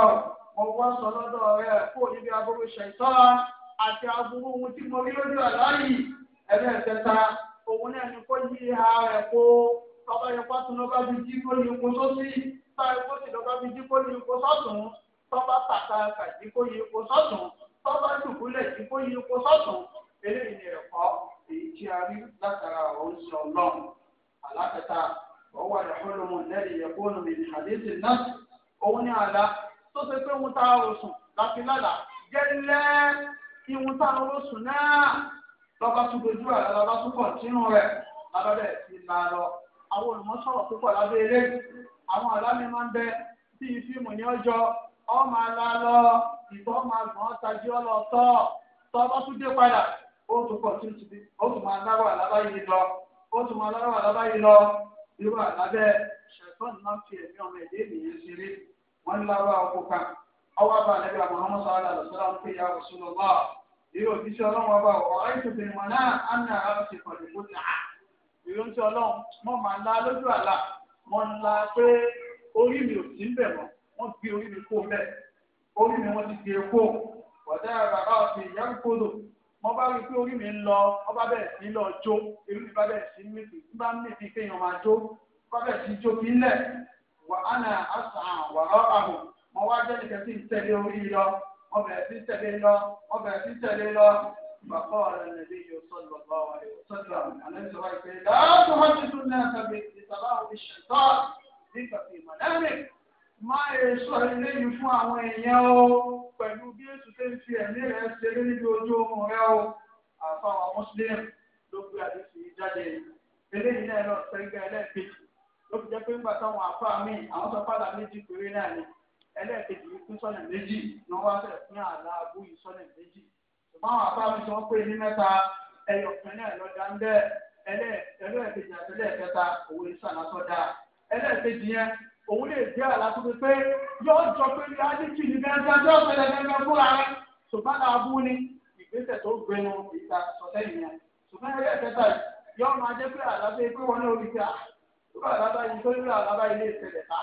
mo wá sọ lọ́dọ̀ rẹ̀ kó o níbi aburú ṣẹ̀tọ́ra àti aburú ohun tí mo rí lójú àlá yìí ẹlẹ́ẹ̀kẹta òun náà ni kó yí ha rẹ̀ kó tọ́ba yẹn pátó lọ́ba bíi jí kó ní ipò sósì táyà kó sì lọ́ba bíi jí kó ní ipò sọ́tún tọ́ba tàkà kàjí kó ní ipò sọ́tún bábá dùbúlẹ̀ tí kò yí kó sọ́tún eléyìí ni ẹ̀kọ́ èyí tí a rí látara oríṣi ọlọ́run alákẹ́ta ọwọ́ ìhólùmọ̀ lẹ́yìn ẹ̀kọ́nù mi ní àdéhùn náà òun ní àlá tó ṣe pé òun tá a rò sùn láti lálà gẹ́lẹ́ kí òun tá a rò sùn náà lọ́ba tún dojú àlá lọ́ba tún pọ̀ sínú rẹ̀ lábẹ́rẹ́ ti là lọ àwọn olùmọ̀sọ̀rọ̀ púpọ̀ lábẹ́ eléyìí àwọn àlá mi máa ń bẹ bíi fíìmù ní ọjọ́ ọ máa lá lọ ìtọ́ máa gbọ́n tají ọlọ́tọ́ tọ́ bá tún dé padà ó tún pọ̀ tí ó tún máa lárọ̀ àlábá yìí lọ ó tún máa lárọ̀ àlábá yìí lọ irú àlábẹ́ ṣẹ̀tọ́n náà fi ẹ̀mí ọmọ ẹ̀dẹ́ ènìyàn ṣeré wọ́n lárọ̀ ọkọ̀ kan ọwọ́ bá lẹ́bí àmọ́hámọ́ sọ́ọ́dà lọ́sọ́dà ń pè ya òṣùlọ́ lọ́ irú òbíṣẹ́ ọlọ́run ọba ọ̀rọ̀ ìtòkè wọn náà á ní ara ti pọ̀lú kó tà ìrántí ọlọ́run mọ́ máa ńlá lójú àlá mọ́ ńlá pé orí mi ò sí ń bẹ̀ mọ́ wọ́n gbé orí mi kó bẹ́ẹ̀ orí mi wọ́n ti fi epo wọ́dẹ́ bàbá ọ̀sẹ̀ ìyá ń kodò mo bá rí i pé orí mi ń lọ ọba bẹ̀rẹ̀ sí lọ jó èmi mi bá bẹ̀rẹ̀ sí mìtì tí bá ń mìtì kéèyàn máa jó ọba bẹ̀rẹ̀ sí jó kí n lẹ̀ wà á nà àṣà wà á àmọ̀ mo wá jẹ́ nìkan sí tẹ̀lé orí lọ mo bẹ̀rẹ̀ sí tẹ̀lé lọ mo bẹ̀rẹ̀ sí tẹ̀lé lọ bàbá ọ̀rẹ́ nàbí yóò sọ̀lọ̀ bá wà yóò sọ̀lọ̀ àlẹ́ máa èso e eléyìí fún àwọn èèyàn o pẹ̀lú bí èso ṣe ń fi ẹ̀mí rẹ̀ ṣe níbi ojú ohun rẹ o àfàwọn muslim ló àdéhùn yìí jáde eléyìí náà lọ ẹlẹ́ẹ̀kejì ló fi jẹ́ pé táwọn àfa mi àwọn sọ méjì péré náà ni ẹlẹ́ẹ̀kejì yìí sọ́nà méjì fẹ́ àlá abú yìí àwọn àfa ní mẹ́ta òun lè jẹ́ àlàtúndì pé yóò jọ pé ní adíjì ní gẹ́gẹ́ tí ó fẹ́lẹ̀ gẹ́gẹ́ fún ara rẹ̀ ṣùgbọ́n àbú ni ìgbésẹ̀ tó gbẹnu ìgbà sọ̀tẹ́ nìyẹn ṣùgbọ́n ẹgbẹ́ ìfẹ́ta yóò máa jẹ́ pé àlábẹ́ pé wọ́n ní orí ti à lórí àlábá yìí tó lórí àlábá ilé ìṣẹ̀lẹ̀ ta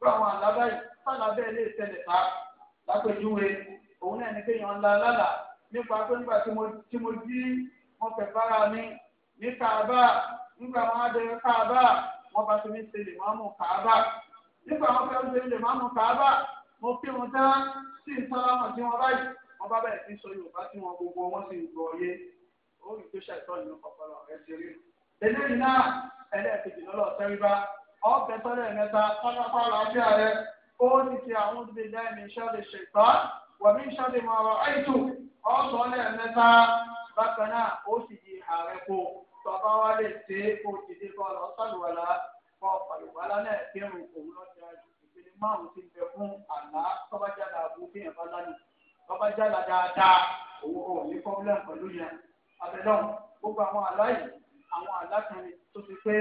lórí àwọn àlábá yìí sálábẹ́ ilé ìṣẹ̀lẹ̀ ta lápèjúwe òun náà ní kéèyàn ńlá lálà nípa pé nígbà tí mo jí mo fẹ̀ fara mi ní káàbà nígbà wọn á dẹ káàbà wọ́n bá fi mí ṣe lè máa mú kàábà nígbà wọn fẹ́ ṣe lè máa mú kàábà mo kí wọn dá sí ìsálámà tí wọn báyìí wọn bá bẹ̀rẹ̀ sí sọ yorùbá tí wọn gbogbo wọn sì ń gbọ́ yé ó rí tó ṣàìtọ́ ìlú ọ̀pọ̀lọ rẹ̀ ti rí. eléyìí náà ẹlẹ́ẹ̀kejì lọ́lọ́ sẹ́ríbá ọ̀bẹ tọ́lẹ̀ mẹ́ta pátápá làáfíà rẹ ó ti ti àwọn olùdíje lẹ́yìn iṣẹ́ lè ṣètọ́ wọ̀bí iṣẹ́ máa rọ àìtù ọ̀sán lẹ́ẹ̀mẹ́ta bákan náà ó sì di ààrẹ kó bàbá wa lè ṣe é kó dìde kọ́ lọ sálùwàlà kọ́ pàlùwàlà náà kírun òun lọ́jà ìpele márùn ti bẹ fún àlá tọ́ba jáde àbú bí yẹn bá lánàá tọ́ba jáde dáadáa òun ò ní pọ́blẹ́m pẹ̀lú yẹn abẹ́lẹ́ gbogbo àwọn àlá yìí àwọn àlá kan ni tó ti pé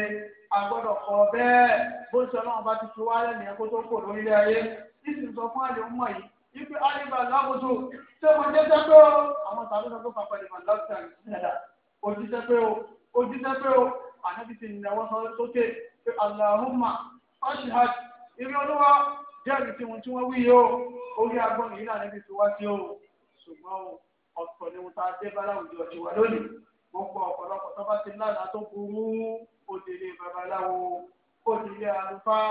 a gbọ́dọ̀ kọ bẹ́ẹ̀ bó ṣe ọlọ́run bá ti fi wá lẹ́nu yẹn kó tó kò lórílẹ̀ ayé nísìnyí sọ fún àlè ń mọ̀ ojúṣe pé o ànábi ti nàwọ́ sọ sókè pé aláhùnmá fáṣíhàj ibi olúwa jẹ́rìí tí wọ́n tí wọ́n wí yìí o orí agbọ́n yìí náà níbi tí wá sí o ṣùgbọ́n o ọ̀pọ̀ ni wọn ta dé báláwùjọ ti wà lónìí gbogbo ọ̀pọ̀lọpọ̀ tó bá ti lánàá tó burú òdìlé babaláwo òdìlé àlùfáà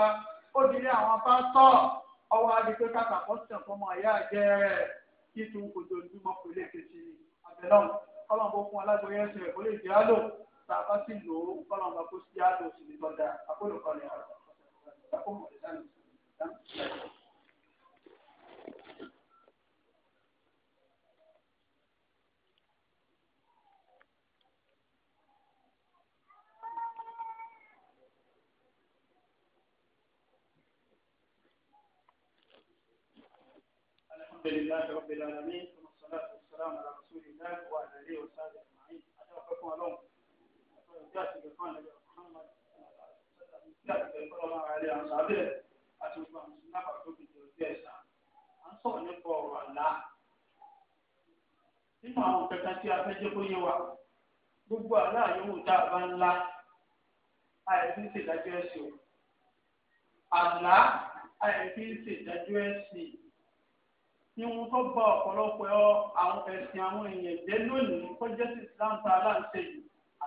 òdìlé àwọn pásítọ̀ ọwọ́ adigun kàkà pọ́sítọ̀ fọmọ ẹ̀yà jẹ́ rẹ̀ títún kòtò ìdúmọ̀ kò lè fèsì àbẹ̀lọ́n ọlọ́run kó fún alágbóyè ẹsẹ̀ kó tàbá sì lò ó kọ́nà ọba kó sí àlò òsìlè lọ́dà àkólò kọlẹ̀ àrùn الحمد لله رب العالمين والصلاة والسلام على رسول الله وعلى آله وصحبه أجمعين أتوقفكم لهم nínú àwọn kankan tí a fẹ́ jẹ́ kó yé wa gbogbo àlá yòówù tá a bá ń la àìsí ìṣèdájọ́ ẹ̀sìn o àlá àìsí ìṣèdájọ́ ẹ̀sìn ní wọn tó bá ọ̀pọ̀lọpọ̀ ẹ̀sìn àwọn èèyàn dé lónìí kó jẹ́ sí Islam tá a láǹṣẹ́ yìí.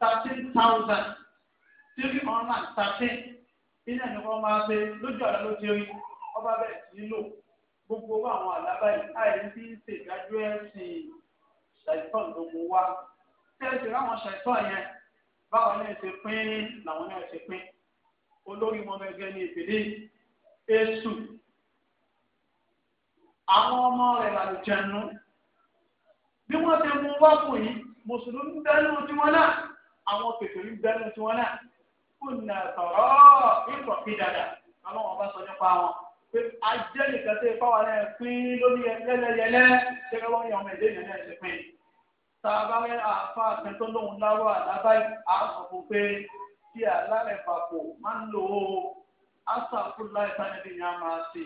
thirteen thousand three hundred and thirteen ilé ẹni wọn máa ṣe lójú àlá ló ti rí ọba bẹ́ẹ̀ sí lò gbogbo owó àwọn àlábá yìí àìrí tí ń ṣe ìdájọ́ ẹ̀sìn ṣàìsàn gbogbo wa tí ẹ sì ráwọn ṣàìsàn yẹn báwọn náà ṣe pín làwọn náà ṣe pín olórí wọn gẹ́gẹ́ ní ìpèlè èṣù àwọn ọmọ rẹ̀ làlùjẹnu bí wọ́n ti mú wákùn yìí mùsùlùmí bẹ́ẹ̀ ló ti wọn náà àwọn kèfèrí bẹ́ẹ̀ tí wọ́n náà kùnà tọ̀rọ̀ ìtọ̀ fi dada àwọn ọba sọ nípa wọn pé ajẹ́ nìkan tẹ́ ipá wa náà pín lórí ẹlẹ́yẹlẹ́ gẹ́gẹ́ wọ́n yan ọmọ ẹ̀dẹ́ yẹn náà ṣe pín tá a bá rẹ àfa kan tó lóun láró àdábá àsọ fún pé tí alárẹ̀ papọ̀ máa ń lò ó àṣàkó láì sáyẹn bí ni a máa ṣe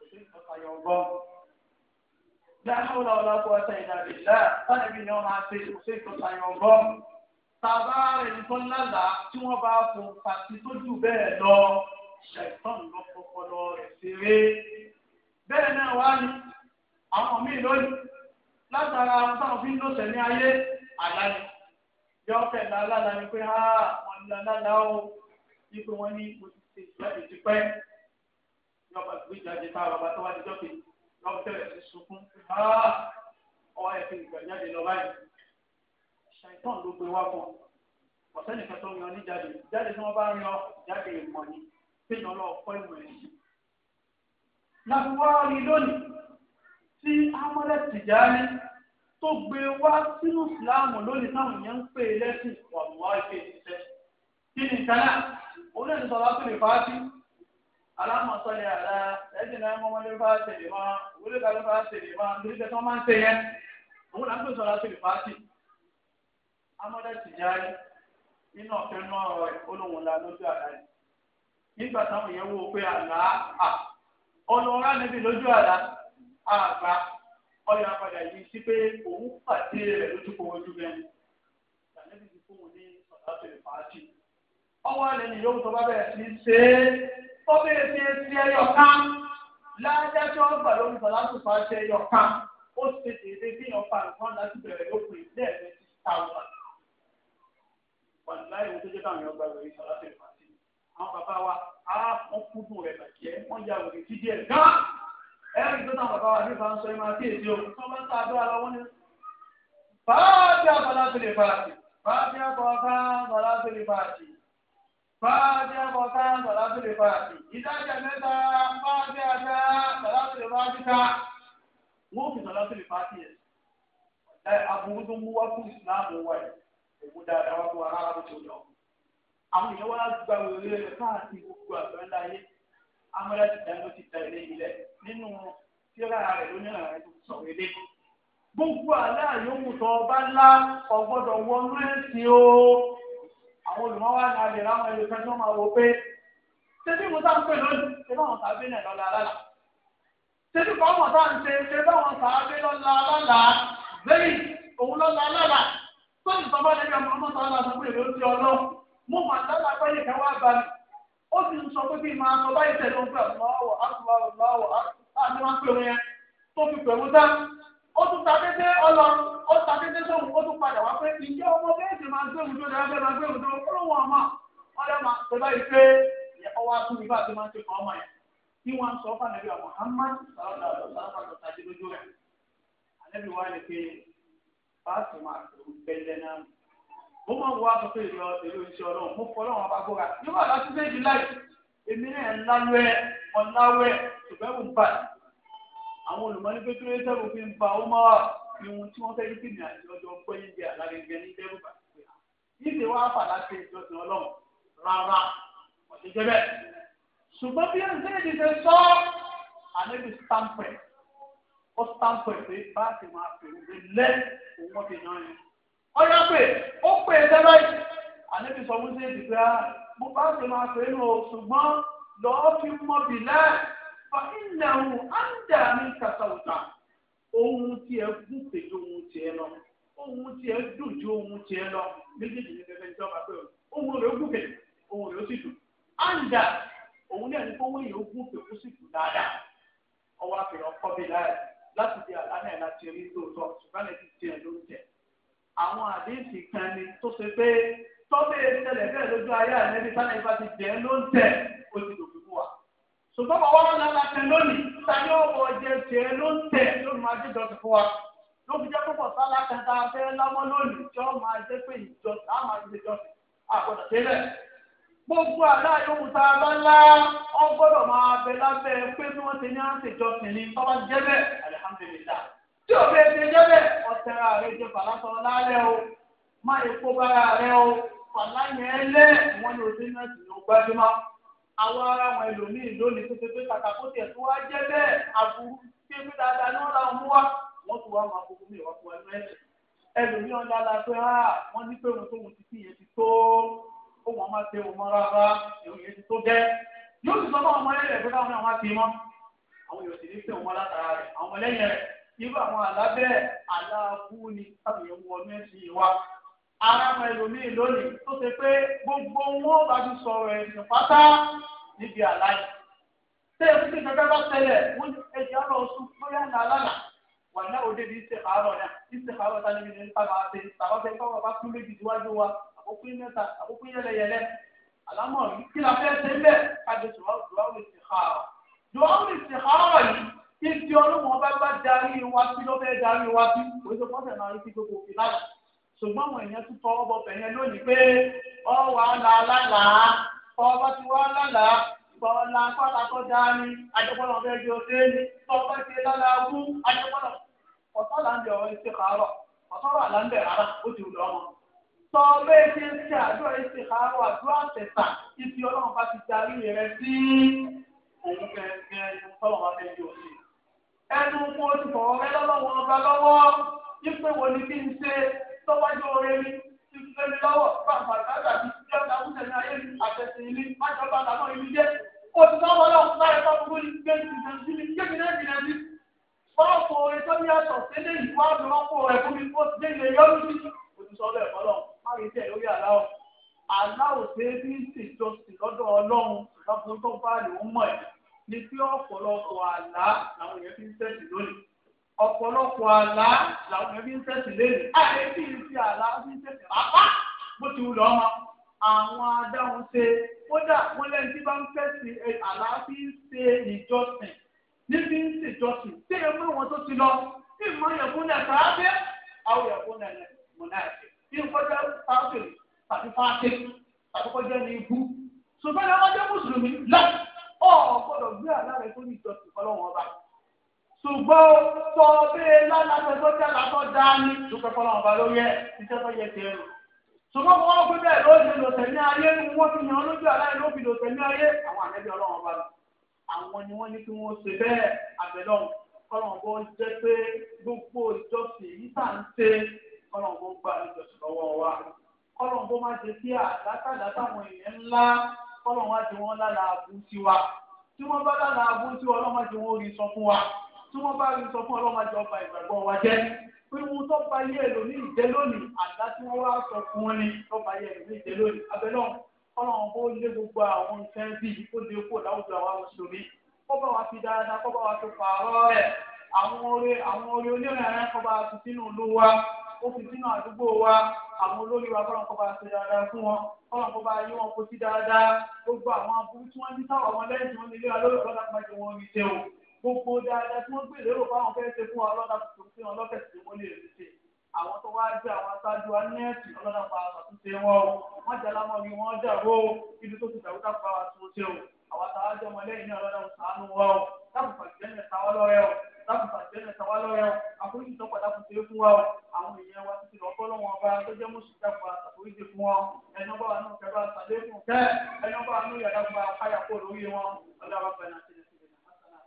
òṣèlú ìtọ́kayọ̀ ọgbọ́n láàrín ọ̀la ọ̀la kó ọ̀sẹ̀ ìdàgbé láà sáyẹn bí ni wọ́n máa ṣe òṣèlú ìtọ́kayọ̀ ọgbọ́n tàbá rẹ̀ nìkan lálàá tí wọ́n bá fún pàtí tó jù bẹ́ẹ̀ lọ ṣàìsàn lọ pọpọlọ rẹ̀ ṣeré bẹ́ẹ̀ náà wá ní àwọn míì lónìí látara táwọn fi ń lọ́sẹ̀ ní ayé àlàyé yọ ọ̀fẹ́ làálàá ni pé á wọn ní làálàá o wípé wọ́n ní mo ti ṣe ìjọba ìdípẹ́ yọba ìgbé tá a bàbá tó wá di jọ́kè lọ́wọ́ bẹ̀rẹ̀ sí sunkún á ọwọ́ ẹ̀ fi ìgbà jáde lọ báyìí ṣàìtàn ló gbé wá fún ọ ọ̀sẹ́nìkan tó ń yan ní jáde jáde tí wọ́n bá ń yan jáde ìmọ̀ ni péjọ lọ kọ́ ìmọ̀ ẹ̀sìn. láfiwá rí lónìí tí amọ́lẹ̀ tìjáni tó gbé wá sínú ìsìláàmù lónìí táwọn èèyàn ń pè é lẹ́sìn wàmúwá ìpè ìṣiṣẹ́. kí ni ìkànnà òun náà ti sọ̀rọ̀ pé lè fàájì alámọ̀sọ́lẹ̀ àlá ẹ̀sìn náà mọ́mọ́lé bá tẹ̀lé mọ́ òwúlé bá tẹ̀lé mọ́ nítorí pé tí wọ́n máa ń tẹ̀yẹ òun náà ń pè sọ̀rọ̀ pé lè fàájì. amọ́dẹ̀ tìjárí nínú ọ̀fẹ́ náà ọ̀rọ̀ olóhùn la lójú àlá yìí nígbà táwọn èèyàn wò ó pé àlá à ọlọ́run níbi lójú àlá àgbà ọyọ apàdà yìí sí pé òun pàdé rẹ̀ lójú kòwòjú bẹ́ẹ̀ ìgbàlẹ́bí ti ní ọ̀dà tó lè ọwọ́ ni yóò tó bá bẹ̀rẹ̀ sí ṣe é ó bẹ̀rẹ̀ sí ṣe ẹyọ kan ládájọ́ ọgbà lórí sọ̀rọ̀ láti fàájì ẹyọ kan ó ṣe déédéé bí ọ̀pá nǹkan láti bẹ̀rẹ̀ lópin wà láì wọ́n tó jẹ́ káwọn èèyàn gba ìròyìn sọ̀rọ̀ àti ìfàsí àwọn bàbá wa á wọ́n kúndùn rẹ̀ bàjẹ́ wọ́n ya òrì tí díẹ̀ gán ẹ̀rí tó náà bàbá wa ní bá ń sọ ẹ máa kí èsì o tó bá ń ta àdó ara wọn ni. fàájì àbọ̀lá tó lè fàájì fàájì àbọ̀lá tó lè fàájì fàájì àbọ̀lá tó lè fàájì ìdájà mẹ́ta fàájì àbọ̀lá tó lè fàájì ká wọ́n fi sọ̀rọ̀ tó lè fàájì yẹn. ẹ àbúrú tó mú wá fún ìsìláàmù wáyé owó dáadáa wá fún wa rárá bó ti lọ. àwọn èèyàn wá gba òwe rẹ káàkiri gbogbo àgbẹ̀ńdá yé amọ̀lá ti dáná ti da ilé ilẹ̀ nínú tíra rẹ̀ lónìí rẹ̀ tó sọ̀rọ̀ ilé. gbogbo àlá yòówù tó bá lá ọgbọ́dọ̀ wọnú ẹ̀sìn o àwọn olùmọ̀wá ní alẹ́ rámọ̀ ilé fẹ́ tó máa wọ pé tẹ́tí mo sáà ń pè lónìí ṣé báwọn sáà ń ṣe ṣé lọ́la lálà lẹ́yìn sọ́ọ̀tì sọ́mọ́ lẹ́yìn ọmọ ọmọ sọ́ọ̀lá sọ pé èlò ti ọlọ́ mo mà dábàá pẹ́lú ìfẹ́ wá bá mi ó sì ń sọ pé kí n máa sọ báyìí tẹ̀lé òun pé àtúwáwọ̀ àtúwáwọ̀ àtúwáwọ̀ àti wọn pè wọn yẹn tó fi pẹ̀lú dá ó tún ta dédé ọlọ ó ta dédé sóhun ó tún padà wá pé ìjẹ́ ọmọ bẹ́ẹ̀ sì máa gbé òun tó dáa Muhammad sàlọ́dà lọ́sàlọ́sà lọ́sàdé lójú rẹ̀ àlẹ́bí wa lè fáàtì máa tó bẹ́lẹ̀ náà mo máa ń wá sọ pé ìlú ìlú iṣẹ́ ọlọ́run mo fọ́ ọlọ́run ọba gbọ́ra nígbà láti méjì láì èmi náà ńláwẹ́ ọ̀láwẹ́ ṣùgbẹ́rù ń bà àwọn olùmọ̀ọ́ni pé kí ló sẹ́gun fi ń ba ó máa tí wọ́n fẹ́ kí kìnìún àti ọjọ́ pẹ́ níbi àlágẹ̀gẹ̀ ní dẹ́rù bà níbi wàá fàlà ṣe ìjọsìn ọlọ́run rárá ọ̀ṣẹ́jẹ́ bẹ́ẹ̀ ṣùgbọ́n bí ó sáńpù ẹ̀ pé báàsì máa fi òwe lẹ́ òun wọ́n ti yan yín. ọ̀yọ́ pé ó pè é tẹ́lẹ̀ àníbi sọ fún sí ìdìbò yà mo báàsì máa pè é nù o ṣùgbọ́n lọ́ọ́ fi mọ́ bì lẹ́ fa ilẹ̀ òun á ń dà ní kàtàkùtà ohun tí ẹ gùn pè ju ohun tí ẹ lọ ohun tí ẹ dùn ju ohun tí ẹ lọ méjèèjì ní bẹbẹ ní ọba pé ohun rẹ gùn pè ohun rẹ ó sì dùn á òun náà ní kó wọ́n yẹ ó pè ó sì dùn dáadáa ọwọ́ àfihàn kọ́ bí láyà láti di àlànà ẹ̀ láti rí lóòótọ́ ṣùgbọ́n ẹ̀ ti tiẹ̀ ló ń tẹ̀. àwọn àdéhìí kan ni tó ṣe pé tọ́bẹ̀ ìṣẹ̀lẹ̀ bẹ́ẹ̀ lójú ayé àlẹ́bí sáré ìfà ti tẹ̀ ló ń tẹ̀ ó ti dòbí fún wa. ṣùgbọ́n bàbá wọn náà láti lónìí ta ni ó wọ jẹ tiẹ̀ ló ń tẹ̀ ló máa dé ìjọsìn fún wa. ló fi jẹ́ púpọ̀ sálá kẹta fẹ́ lámọ́ lónìí tí ó gbogbo àdá yòówù tá a bá lá wọn gbọ́dọ̀ máa bẹ lábẹ́ pé bí wọn ti ní àǹtẹjọ tìlí jẹbẹ tí o bẹ ti jẹbẹ ọtẹra ààrẹ jẹ falasọ lálẹ́ o má epo bára rẹ o fàlàyé ẹlẹ wọn ni ló àwọn ará wọn lónìí kàkàkó tó wá àbúrú dáadáa wọn wọn wá kó wọn má ṣe wọn rárá èyí yẹn tó jẹ́ yóò sì sọ fún ọmọ ẹlẹ́yìn rẹ̀ pé káwọn náà wá sí mọ́ àwọn yóò sì ní pé wọn látara rẹ̀ àwọn ọmọlẹ́yìn rẹ̀ irú àwọn àlábẹ́ àlàáfù ni táwọn yẹn wọ mẹ́sìn wa ara wọn ẹlòmíì lónìí tó ṣe pé gbogbo wọn bá ti sọ̀rọ̀ ẹ̀sìn pátá níbi àlàyé tẹ ẹ fún ìgbàgbọ́ bá tẹlẹ wọn ẹjẹ àlọ sùn lórí àná alánà wà ní òde ní ìṣèkàárọ̀ náà ìṣèkàárọ̀ tá níbi ní nípa máa ṣe tàbá fẹ́ kọ́ bàbá tún méjì síwájú wa àkókò mẹ́ta àkókò yẹlẹyẹlẹ àlámọ̀ yìí kí la fẹ́ ṣe ń bẹ̀ kájọ dùwáwò ìṣèkárà dùwáwò ìṣèkárà yìí kí ti ọlọ́wọ́n bá bá darí wa sí ló fẹ́ darí wa sí òṣèlú pọ́sẹ̀ náà rí sí gbogbo òfin láti ṣùgbọ́n àwọn èèyàn tún tọwọ́ bọ bẹ̀yẹn lónìí pé ọwọ́ àlà lálàá ọba ti wá lálàá bọ̀ọ̀là pátá tó dáa ni àjọpọ̀lọ̀ bẹ́ẹ̀ di ọdẹ ni tọ́pẹ́ ti lálàá fún àjọpọ̀lọ̀ ọ̀tọ́ là ń bẹ̀ ọ̀rọ̀ sọ bẹ́ẹ̀ ṣe ń ṣe àdúrà ìṣe àárọ̀ àdúrà tẹ̀sà ibi ọlọ́run bá ti darí rẹ sí òun gẹ̀ẹ́gẹ́ ẹnu tọ́lọ́wọ́ bẹ́ẹ̀ ẹnu kó o ti lọ́wọ́ ọba lọ́wọ́ yípe wo ni kí n ṣe tọ́wájú orin mi ti fi lé mi lọ́wọ́ bàbá àgbàdà mi ti ọ̀gá àwùjọ ní ayé mi àtẹ̀sìn ilé májọba àtàwọn orin tó ní àtọ̀ sílé ìfọ́ àdúrọ́pọ̀ rẹ̀ fún mi kó dé ilé yọ́nù sí òtún sọ́ọ́ máyì tẹ̀ lórí aláwọ̀ aláwọ̀ ṣe é bí ìṣèjọsìn lọ́dọ̀ ọlọ́run lọ́kùnrin tó bá lè ń mọ̀ ẹ̀ ni pé ọ̀pọ̀lọpọ̀ àlá làwọn èèyàn fi ń tẹ̀sí lónìí ọ̀pọ̀lọpọ̀ àlá làwọn èèyàn fi ń tẹ̀sí lónìí àyè kí n fi àlá fi ń tẹ̀sí rápá bó ti wù lọ́mọ àwọn adáhùn ṣe kódà wọn lẹ́yìn tí bá ń tẹ̀sí àlá fi ń ṣe ìjọsìn níbi ń ṣèjọsìn tí ẹ mú wọn tó ti lọ tí ìmọ̀ yẹ̀kúnlẹ̀ sáábẹ́ àwọn yẹ̀kúnlẹ̀ mọ̀nà ẹ̀sìn tí ó kọjá fáṣẹ tàbí fáṣẹ tàbí ní ibú ṣùgbọ́n ẹ̀rọ jẹ́ mùsùlùmí lọ́ọ̀ ọ̀ gbọ́dọ̀ gbé àlá tó ní ìjọsìn fọlọ́wọ́n ọba ṣùgbọ́n tọ́ bẹ́ẹ̀ lálàtọ̀ tó jẹ́ látọ̀ dání ṣùgbọ́n fọlọ́wọ́n ọba ló yẹ iṣẹ́ tó yẹ tiẹ̀ rù ṣùgbọ́n wọ́n pé bẹ́ẹ̀ ló tẹ̀lé ayé ni wọ́n ní má ṣe sí àdátàdá táwọn èèyàn ńlá kọ́lọ̀ wá ti wọ́n lára àbú sí wa tí wọ́n bá lára àbú sí wa ọlọ́mọ ti wọ́n rí sọ fún wa tí wọ́n bá rí sọ fún ọlọ́mọ ti ọba ìgbàgbọ́ wa jẹ́ pé tó ba yé èlò ní ìjẹ́ lónìí àdá tí wọ́n wá sọ fún wọn ni tó ba yé èlò ní ìjẹ́ lónìí abẹ́lẹ́ kọ́lọ̀ wọn bó lé gbogbo àwọn nǹkan bíi kó lè kó láwùjọ àwọn mùsùlùmí kọ́ bá wa fi dáadáa kọ́ bá wa fi pààrọ̀ rẹ̀ àwọn orí àwọn orí onírànràn kọ́ bá wa fi sínú olúwa ó fi sínú àdúgbò wa àwọn olórí wa kọ́nà kọ́ba ṣe dáadáa fún wọn kọ́nà kọ́ba yí wọn kó sí dáadáa gbogbo àwọn aburú tí wọ́n ní sáwọ́ wọn lẹ́yìn tí wọ́n nílé wa lórí ọlọ́dà máa jẹ wọn jẹ o gbogbo dáadáa tí wọ́n gbé lérò fáwọn fẹ́ẹ́ ṣe fún ọlọ́dà tuntun sí wọn lọ́fẹ̀ẹ́ sí wọn lè rí ṣe àwọn tó wáá jẹ àwọn aṣáájú wa ní ẹ̀sìn ọlọ́dà pa àtúnṣe wọn o wọ́n jẹ́ láti bàjẹ́ náà tàwa lọ́yà o àforíjì tó padà kù sí fún wa o àwọn èèyàn wa títí lọ bọ́ lọ́wọ́ ọba tó jẹ́ mùsùlùmí dàgbà àforíjì fún wa ẹni ọba wa náà kẹfà sàlẹ̀ fún kẹ́ ẹni ọba wa náà yàrá gba àkáyà kó lórí wọn ọ̀dà wa bẹ̀rẹ̀ àti ìdílé hasana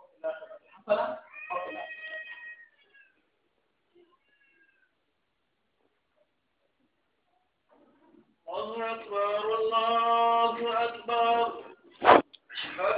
ọ̀kìlá hasana ọ̀kìlá. الله أكبر الله أكبر